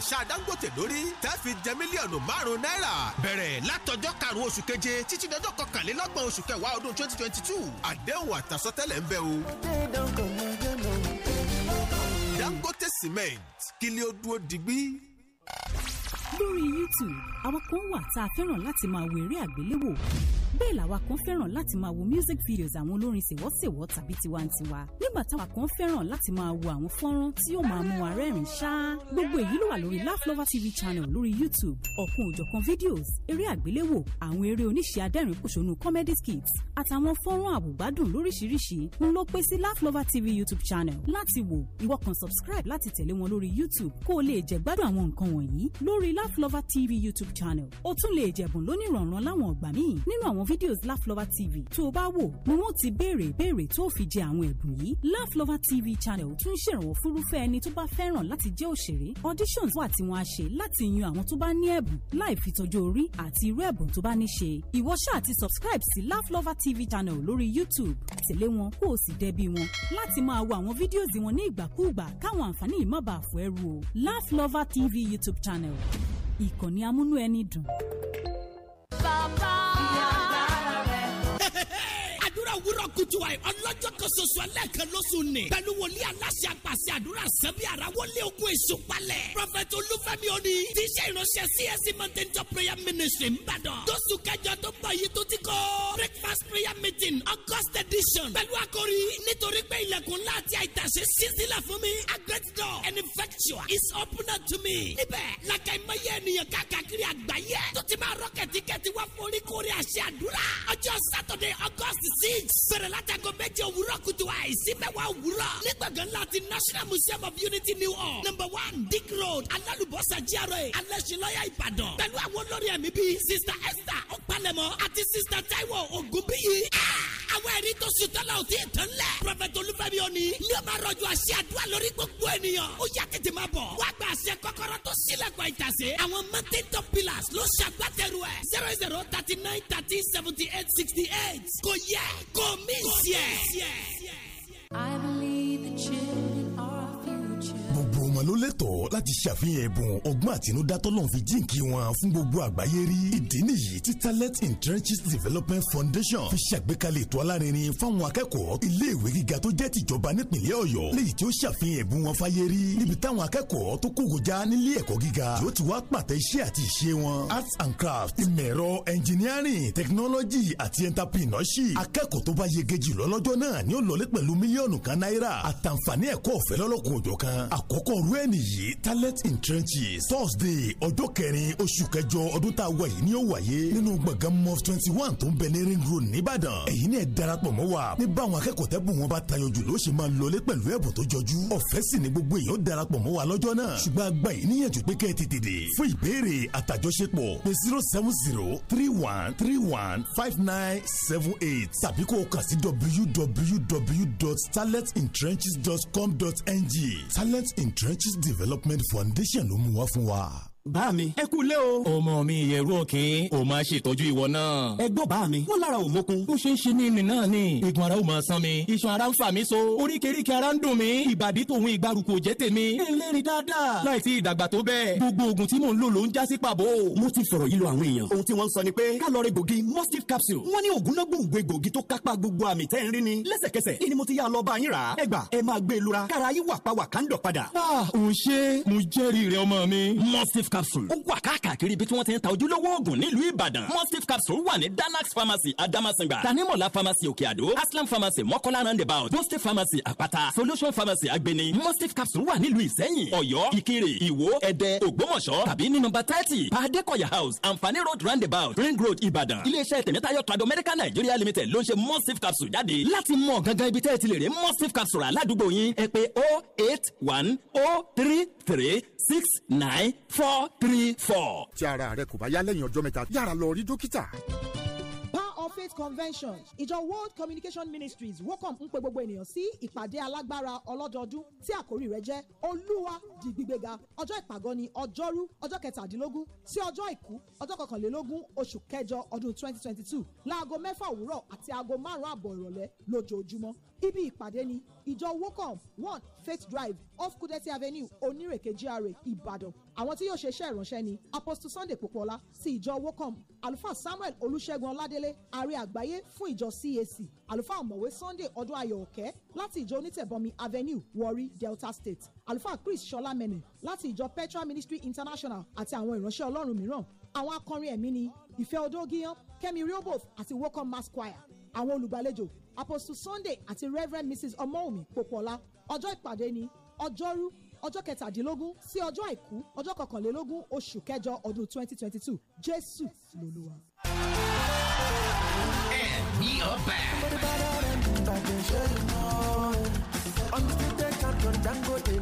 Dangote cement kí lè ó dúró digbí. lórí YouTube àwa kan wà tá a fẹ́ràn láti máa wo eré àgbéléwò bẹ́ẹ̀ làwa kan fẹ́ràn láti máa wo music videos àwọn olórin tìwọ́tìwọ́ tàbí tiwantiwa nígbà táwa kan fẹ́ràn láti máa wo àwọn fọ́nrán tí yóò máa mú wa rẹ́rìn gbogbo èyí ló wà lórí Laugh TV channel lórí YouTube ọ̀kan òjọ̀kan videos eré àgbéléwò àwọn eré oníṣẹ́ adẹ́rìn pòṣónú comedy skits àtàwọn fọ́nrán àbùgbádùn lóríṣiríṣi ń ló pé sí Laugh TV YouTube channel láti wò ìwọ kan subscribe láti tẹ̀lé wọn lórí YouTube kó o lè jẹ̀gbádùn àwọn nǹkan wọ̀nyí lórí Laugh TV YouTube YouTube channel o tún lè jẹ̀bùn lónìrànràn láwọn ọ̀gbà míì nínú àwọn videos Laflover TV tó o bá wò ni wọ́n ti béèrè ìbéèrè tó fi jẹ àwọn ẹ̀bùn yìí Laflover TV channel tún ṣèrànwọ́ fúrúfẹ́ ẹni tó bá fẹ́ràn láti jẹ́ òṣèré auditions wà tí wọ́n á ṣe láti yan àwọn tó bá ní ẹ̀bùn láì fi tọ́jú orí àti irú ẹ̀bùn tó bá ní ṣe ìwọ ṣáà ti subscribe sí Laflover TV channel lórí YouTube tẹ̀lé wọn kó o sì dẹ́bi wọn láti máa wo àwọn fídíòsì wọn ní ìgbàkúùgbà káwọn àǹfààní yìí má bàa fò ẹrù o Laflover TV YouTube channel ìkànnì amúnú ẹni dùn. bàbá òwúrọ̀ kutu wa ọlọ́jọ́ kan ṣoṣo ẹlẹ́ẹ̀kan lóṣù ni pẹ̀lú wòlíì aláṣẹ àpàṣẹ àdúrà sẹ́bí ara wọlé ogun èso palẹ̀ prọfẹ̀tì olúfẹ́mi òní ti ṣe ìránṣẹ́ csc e mountain top prayer ministry nìbàdàn tóṣù kẹjọ tó bọ̀ yìí tó ti kọ́ breakfast prayer meeting august edition pẹ̀lú àkórí nítorí pé ilẹ̀kùn láti àìtàṣe sí sílẹ̀ fún mi a great door and effectual is open to me níbẹ̀ làkàìmọye ènìyàn káàkiri àgbáyé tó ti máa rọ́kẹ̀tì kẹ́tì wá forí kórè àṣẹ àdúrà ọjọ́ saturday august six six. bẹ̀rẹ̀ látago méje òwúrọ̀ kùtù àìsí mẹ́wàá òwúrọ̀. nígbàgán láti national museum of unity new york number one dick road alálùbọ́sà GRA alẹ́sìnlọ́yà ìbàdàn pẹ̀lú àwọn olórí ẹ̀mí bíi sister esther ọ̀pálẹ̀mọ́ àti sister taiwo ògúnbíyì. Ah! àwọn ẹ̀rí tó sùn tọ́lá ò tí ì tán lẹ̀. prọfẹ̀tì olúfẹ́mi òní ni ó máa rọ̀jò àṣẹ àdúrà lórí gbogbo ènìyàn. ó yá tètè máa bọ̀. wá gba àṣẹ kọ́kọ́rọ́ tó sílẹ̀kùn àìtàsé. àwọn mountain top pillars ló ṣàgbátẹrù ẹ̀. zero zero thirty nine thirty seventy eight sixty eight kò yẹ Comicia. I believe the children are our future. nìkan ló lẹ́tọ̀ọ́ láti ṣàfihàn ẹ̀bùn ọgbọ́n àtinúdá tọ́lọ́run fi jíǹkí wọn fún gbogbo àgbáyé rí. ìdí nìyí tí talent in trenches development foundation fi ṣàgbékalẹ̀ ètò alárinrin fáwọn akẹ́kọ̀ọ́ iléèwé gíga tó jẹ́ tìjọba nípìnlẹ̀ ọ̀yọ́ léyìí tí ó ṣàfihàn ẹ̀bùn wọn fáyé rí níbi táwọn akẹ́kọ̀ọ́ tó kógojá nílé ẹ̀kọ́ gíga yóò ti wá pàtẹ iṣẹ́ àti ìṣe wọn arts and crafts ìmọ̀ engineering technology àti entrepreneurship akẹ́kọ̀ọ́ tó bá yege jù lọ́lọ́jọ́ náà ni ó lọlé pẹ̀lú mílíọ̀nù kan náírà àtàǹfààní ẹ̀kọ́ ọ̀fẹ́ irú ẹ̀ talent in trenches thursday ọjọ́ kẹrin oṣù kẹjọ ọdún tá a wà yìí ni ó wáyé nínú gbọ̀ngàn mọ́f twenty one tó ń bẹ ní ring road nìbàdàn èyí ni ẹ̀ darapọ̀ mọ́ wa ní báwọn akẹ́kọ̀ọ́ tẹ́bùn wọn bá tayọ jù ló ṣe máa lọlé pẹ̀lú ẹ̀bùn tó jọjú ọ̀fẹ́ sì ni gbogbo èèyàn darapọ̀ mọ́ wa lọ́jọ́ náà ṣùgbọ́n àgbà yìí níyànjú pé kẹ́ ẹ tètè dé fún ìbéèrè àtàjọṣepọ̀ zero seven zero three one three one five nine seven eight tàbí kó o kàn sí www.talentintrenches.com.ng talent in trenches Churches Development Foundation ló mú wá fún wa bá mi. ẹ kú o. ọmọ mi ìyẹ̀rú òkè o máa ṣètọ́jú ìwọ náà. ẹ gbọ́ bá mi. wọ́n lára ò ó ṣe ń ṣe ní ìrìn náà ni. igun ara ó máa san mi. iṣan ara ń fà mí so. oríkèéríkèé ara ń dùn mí. ìbàdí tòun ìgbàrúkọ jẹ́ tèmi. ẹlẹ́rìí dáadáa. láì tí ìdàgbà tó bẹ́ẹ̀. gbogbo oògùn tí mò ń lò ló ń já sí pàbó. mo ti fọ̀rọ̀ yí lọ àwọn èèyàn. ohun tí wọ́n sọ ni pé kálọ̀rì gbòógì mustif capsule. wọ́n ní oògùn náà gbòǹgbò egbòogi tó kápá gbogbo àmì tẹ́ ń rí ni. lẹ́sẹ̀kẹsẹ̀ ni mo ti yá lọ bá yín rà á. ẹ gbà ẹ máa gbé e lura. kára yín wà pa wà ká ń dọ̀ padà. ah òun ṣe mo jẹ́rìí rẹ ọmọ mi. mustif capsule ó wà káàkiri bí wọ́n ti ń ta ojúlówó oògùn nílùú Ìbàdàn mustif capsule wà ní danax pharmacy Adamasingba tanimola pharmacy Òkè aslam pharmacy Mọ́kọ́lá roundabout mustif pharmacy Àpáta solution pharmacy Agbeni mustif capsule wà nílùú Ìsẹ́yìn Ọ̀yọ́ Ìkirè Ìwó Ẹdẹ Ògbómọ̀ṣọ́ tàbí ní nọ́mbà thirty pàdékọ̀yà house Anfani road roundabout ring road Ìbàdàn iléeṣẹ́ tẹ̀mẹ́tayọ̀ tọ́jú American Nigeria limited ló ń ṣe mustif capsule jáde láti mọ̀ gangan ibi tẹ́ ẹ ti lè rí mustif capsule aládùúgbò yín ẹ pé 08103 three six nine four three four. tí ara rẹ kò bá yá lẹ́yìn ọjọ́ mẹ́ta yára lọ rí dókítà. Faith Convention ìjọ World Communication Ministries WOCOM ń pe gbogbo ènìyàn sí ìpàdé alágbára ọlọ́dọọdún tí àkórí rẹ̀ jẹ́ Olúwa di gbígbéga ọjọ́ ìpàgọ́ ni ọjọ́rú ọjọ́ kẹtàdínlógún sí ọjọ́ àìkú ọjọ́ kọkànlélógún oṣù kẹjọ ọdún 2022 láago mẹ́fà òwúrọ̀ àti aago márùn-ún àbọ̀ ìrọ̀lẹ́ lójoojúmọ́ ibi ìpàdé ni ìjọ wocom one faith drive off kudeti avenue onírèké gra ìbàdàn àwọn tí yóò ṣe iṣẹ́ ìránṣẹ́ ni apostle sunday popola sí ìjọ wocom àlùfáà samuel olùṣègùn ọládélé ààrẹ àgbáyé fún ìjọ cac àlùfáà ọ̀mọ̀wé sunday ọdún ayọ̀ ọ̀kẹ́ láti ìjọ onítẹ̀bọmi avenue warri delta state àlùfáà chris sọlámẹ́nì láti ìjọ petra ministry international àti àwọn ìránṣẹ́ ọlọ́run mìíràn àwọn akọrin ẹ̀mí ni ìfẹ́ odógiyán kẹ́mi rioboth àti wocom mass choir àwọn olùgbàlejò apostle sunday àti reverend mrs ọmọ́wùmí popola ọjọ́ ìpàdé ni ọjọ́rú ọjọ́ kẹtàdínlógún sí ọjọ́ àìkú ọjọ́ kọkànlélógún oṣù kẹjọ ọdún twenty twenty two jésù lolúwa. ẹ̀mí ọba. understand they can't run dangote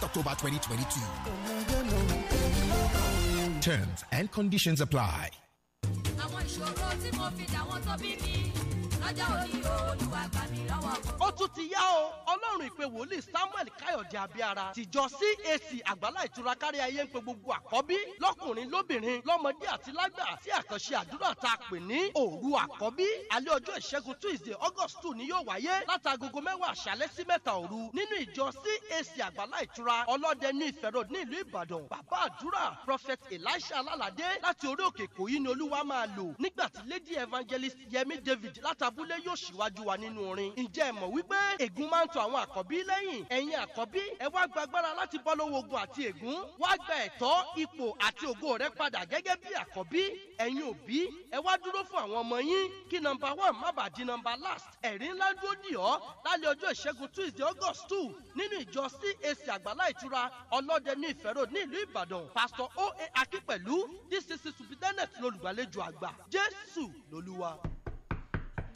1st October 2022. Terms and conditions apply lọ́jọ́ òní olúwa gbà mí lọ́wọ́. ó tún ti yá o ọlọ́run ìpè wòlíì samuel káyọ̀dé abíára tìjọ cac àgbàlá ìtura kárí ayé ń pe gbogbo àkọ́bí lọ́kùnrin lóbìnrin lọ́mọdé àti lágbà sí àkànṣe àdúrà tá a pè ní òru àkọ́bí alẹ́ ọjọ́ ìṣẹ́gun tuesday august two ni yóò wáyé látagogo mẹ́wàá àṣálẹ́ sí mẹ́ta òru nínú ìjọ cac àgbàlá ìtura ọlọ́dẹ ní ìfẹ́rọ̀ ní ìlú ìbàdàn bàbá àdúrà prophet elisha alálàdé láti orí òkè kòyí ni olúwa máa lady evangelist yemi david látà abúlé yóò ṣíwájú wa nínú orin ǹjẹ́ ẹ mọ̀ wípé ègún máa ń tọ àwọn àkọ́bí lẹ́yìn ẹ̀yin àkọ́bí ẹ wá gba agbára láti bọ́ lọ́wọ́ ogun àti ègún wá gba ẹ̀tọ́ ipò àti ògo rẹ padà gẹ́gẹ́ bí àkọ́bí ẹ̀yin òbí ẹ wá dúró fún àwọn ọmọ yín kí nọ́mbà one má bàa di nọ́mbà last ẹ̀rí ńlá dúró dì ọ́ lálẹ́ ọjọ́ ìṣẹ́gun tuesday august two nínú ìjọ cac àgbàlá ìtura ọlọ́dẹ ní ìfẹ́rò ní ìlú ìbàdàn pásítọ̀ oa akínpẹ̀lú dcc superintendent lolùgbàlejò àgbà jésù lolúwa.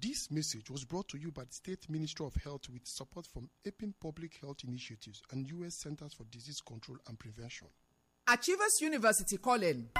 This message was brought to you by the State Ministry of Health with support from APIN Public Health Initiatives and U.S. Centers for Disease Control and Prevention. Achievers University calling.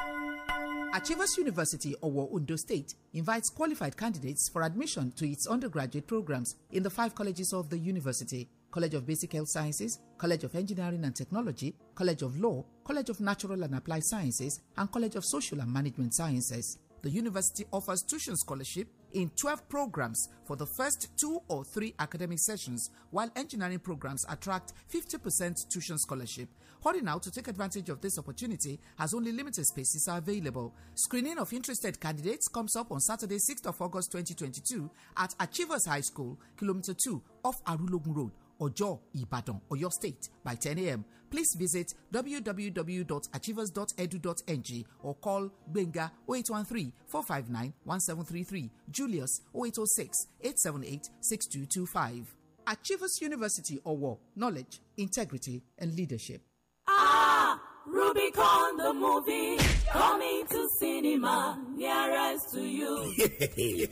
Achievers University, Owo Undo State, invites qualified candidates for admission to its undergraduate programs in the five colleges of the university College of Basic Health Sciences, College of Engineering and Technology, College of Law, College of Natural and Applied Sciences, and College of Social and Management Sciences. The university offers tuition scholarship in 12 programs for the first two or three academic sessions, while engineering programs attract 50% tuition scholarship. Hurry now to take advantage of this opportunity as only limited spaces are available. Screening of interested candidates comes up on Saturday, 6th of August 2022 at Achievers High School, Kilometer 2 off Arulogun Road, Ojo, Ibadan, Oyo State by ten a.m. Please visit www.achievers.edu.ng or call Benga 0813 459 1733, Julius 0806 878 6225. Achievers University Owo, knowledge, integrity, and leadership. Ah, Rubicon the movie coming to cinema nearest to you. [laughs]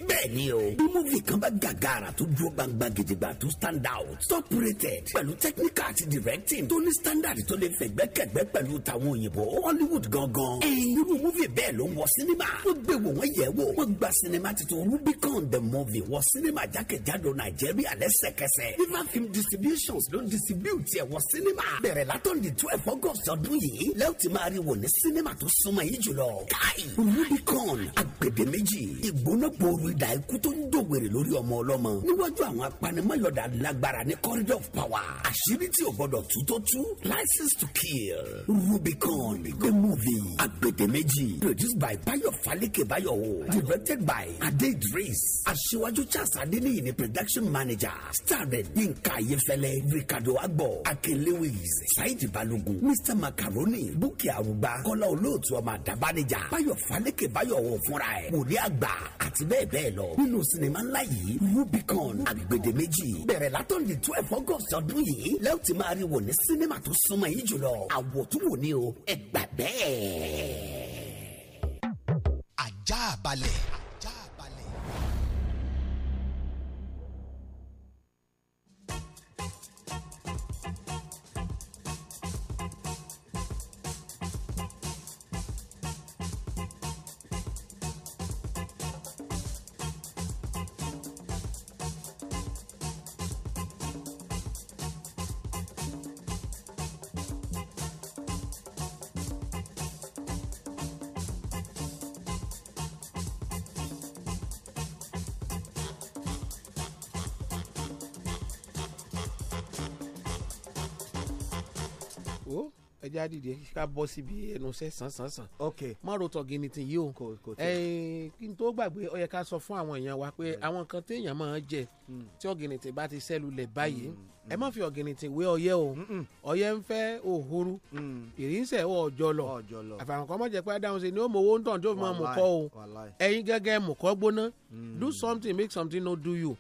bẹ́ẹ̀ni o bí múvì kan bá gàgàrà tó dúró gbangba gidigba tó stand out top rated pẹ̀lú technical àti directing tó ní standard tó lè fẹ̀gbẹ́kẹ̀gbẹ́ pẹ̀lú tàwọn òyìnbó hollywood gangan. ẹyin irú múvì bẹ́ẹ̀ ló ń wọ sinima wọ́n gbé wò wọ́n yẹ̀ wò wọ́n gba sinima titun rubicon the movie wọ sinima jákèjádò nàìjíríà lẹ́sẹ̀kẹsẹ̀ river film distributions ló distribute ẹ̀ wọ sinima bẹ̀rẹ̀ látọ̀ di twelve august ọdún yìí lẹ́yìn tí máa rí wò ní sinima tó súnmọ́ yìí jùlọ. káì rubicon ọ̀run agbèdè méjì ìgbóná gbòòrò ìdá ikú tó ń dògbèrè lórí ọmọ ọlọ́mọ níwájú àwọn apanimọ̀yọ̀dà lágbára ní corridor of power àṣírí tí o gbọdọ̀ tú tó tú license to kill rubicon the movie agbèdè méjì produced by bayo falike bayo directed by ade idris aṣíwájú charles adeniyi ni production manager starred yinka ayefẹlẹ ricardo agbo akin lewis saidi balogun mr macaroni Bukia arugba kọ́lá olóòtú ọmọ àdàbánijà bayo falike bayo ọ̀wọ̀ fúnra ẹ̀ wòlíì àgbà àti bẹ́ẹ̀ bẹ́ẹ̀ lọ nínú sinimá ńlá yìí rubicon àgbègbèdè méjì bẹ̀rẹ̀ látọ̀lẹ̀ twelve august ọdún yìí lẹ́yìn tí máa rí wò ní sinimá tó súnmọ́ yìí jùlọ àwòtúwò ni o ẹ gbà bẹ́ẹ̀. ajá balẹ̀. dìde ká bọ́ síbi ẹnu sánsánsán. ok má ro tọ̀ ti yìí kò kò tẹ ẹ kí n tó gbàgbé ó yẹ ká sọ fún àwọn èèyàn wa pé àwọn nǹkan téèyàn máa jẹ hmm. tí ọ̀gìnì tì bá ti sẹ́lu lẹ̀ báyìí hmm, hmm. ẹ má fi ọ̀gìnì tì wé ọyẹ o ọyẹ ń fẹ́ òhuru ìrìnsẹ̀ ọ̀jọ̀ lọ àfàràn kan má pé adáhùn sí ni ó mọ owó ń tàn tó fi máa mú kọ́ o ẹ̀yin gẹ́gẹ́ mú kọ́ gbóná do something make something no do you.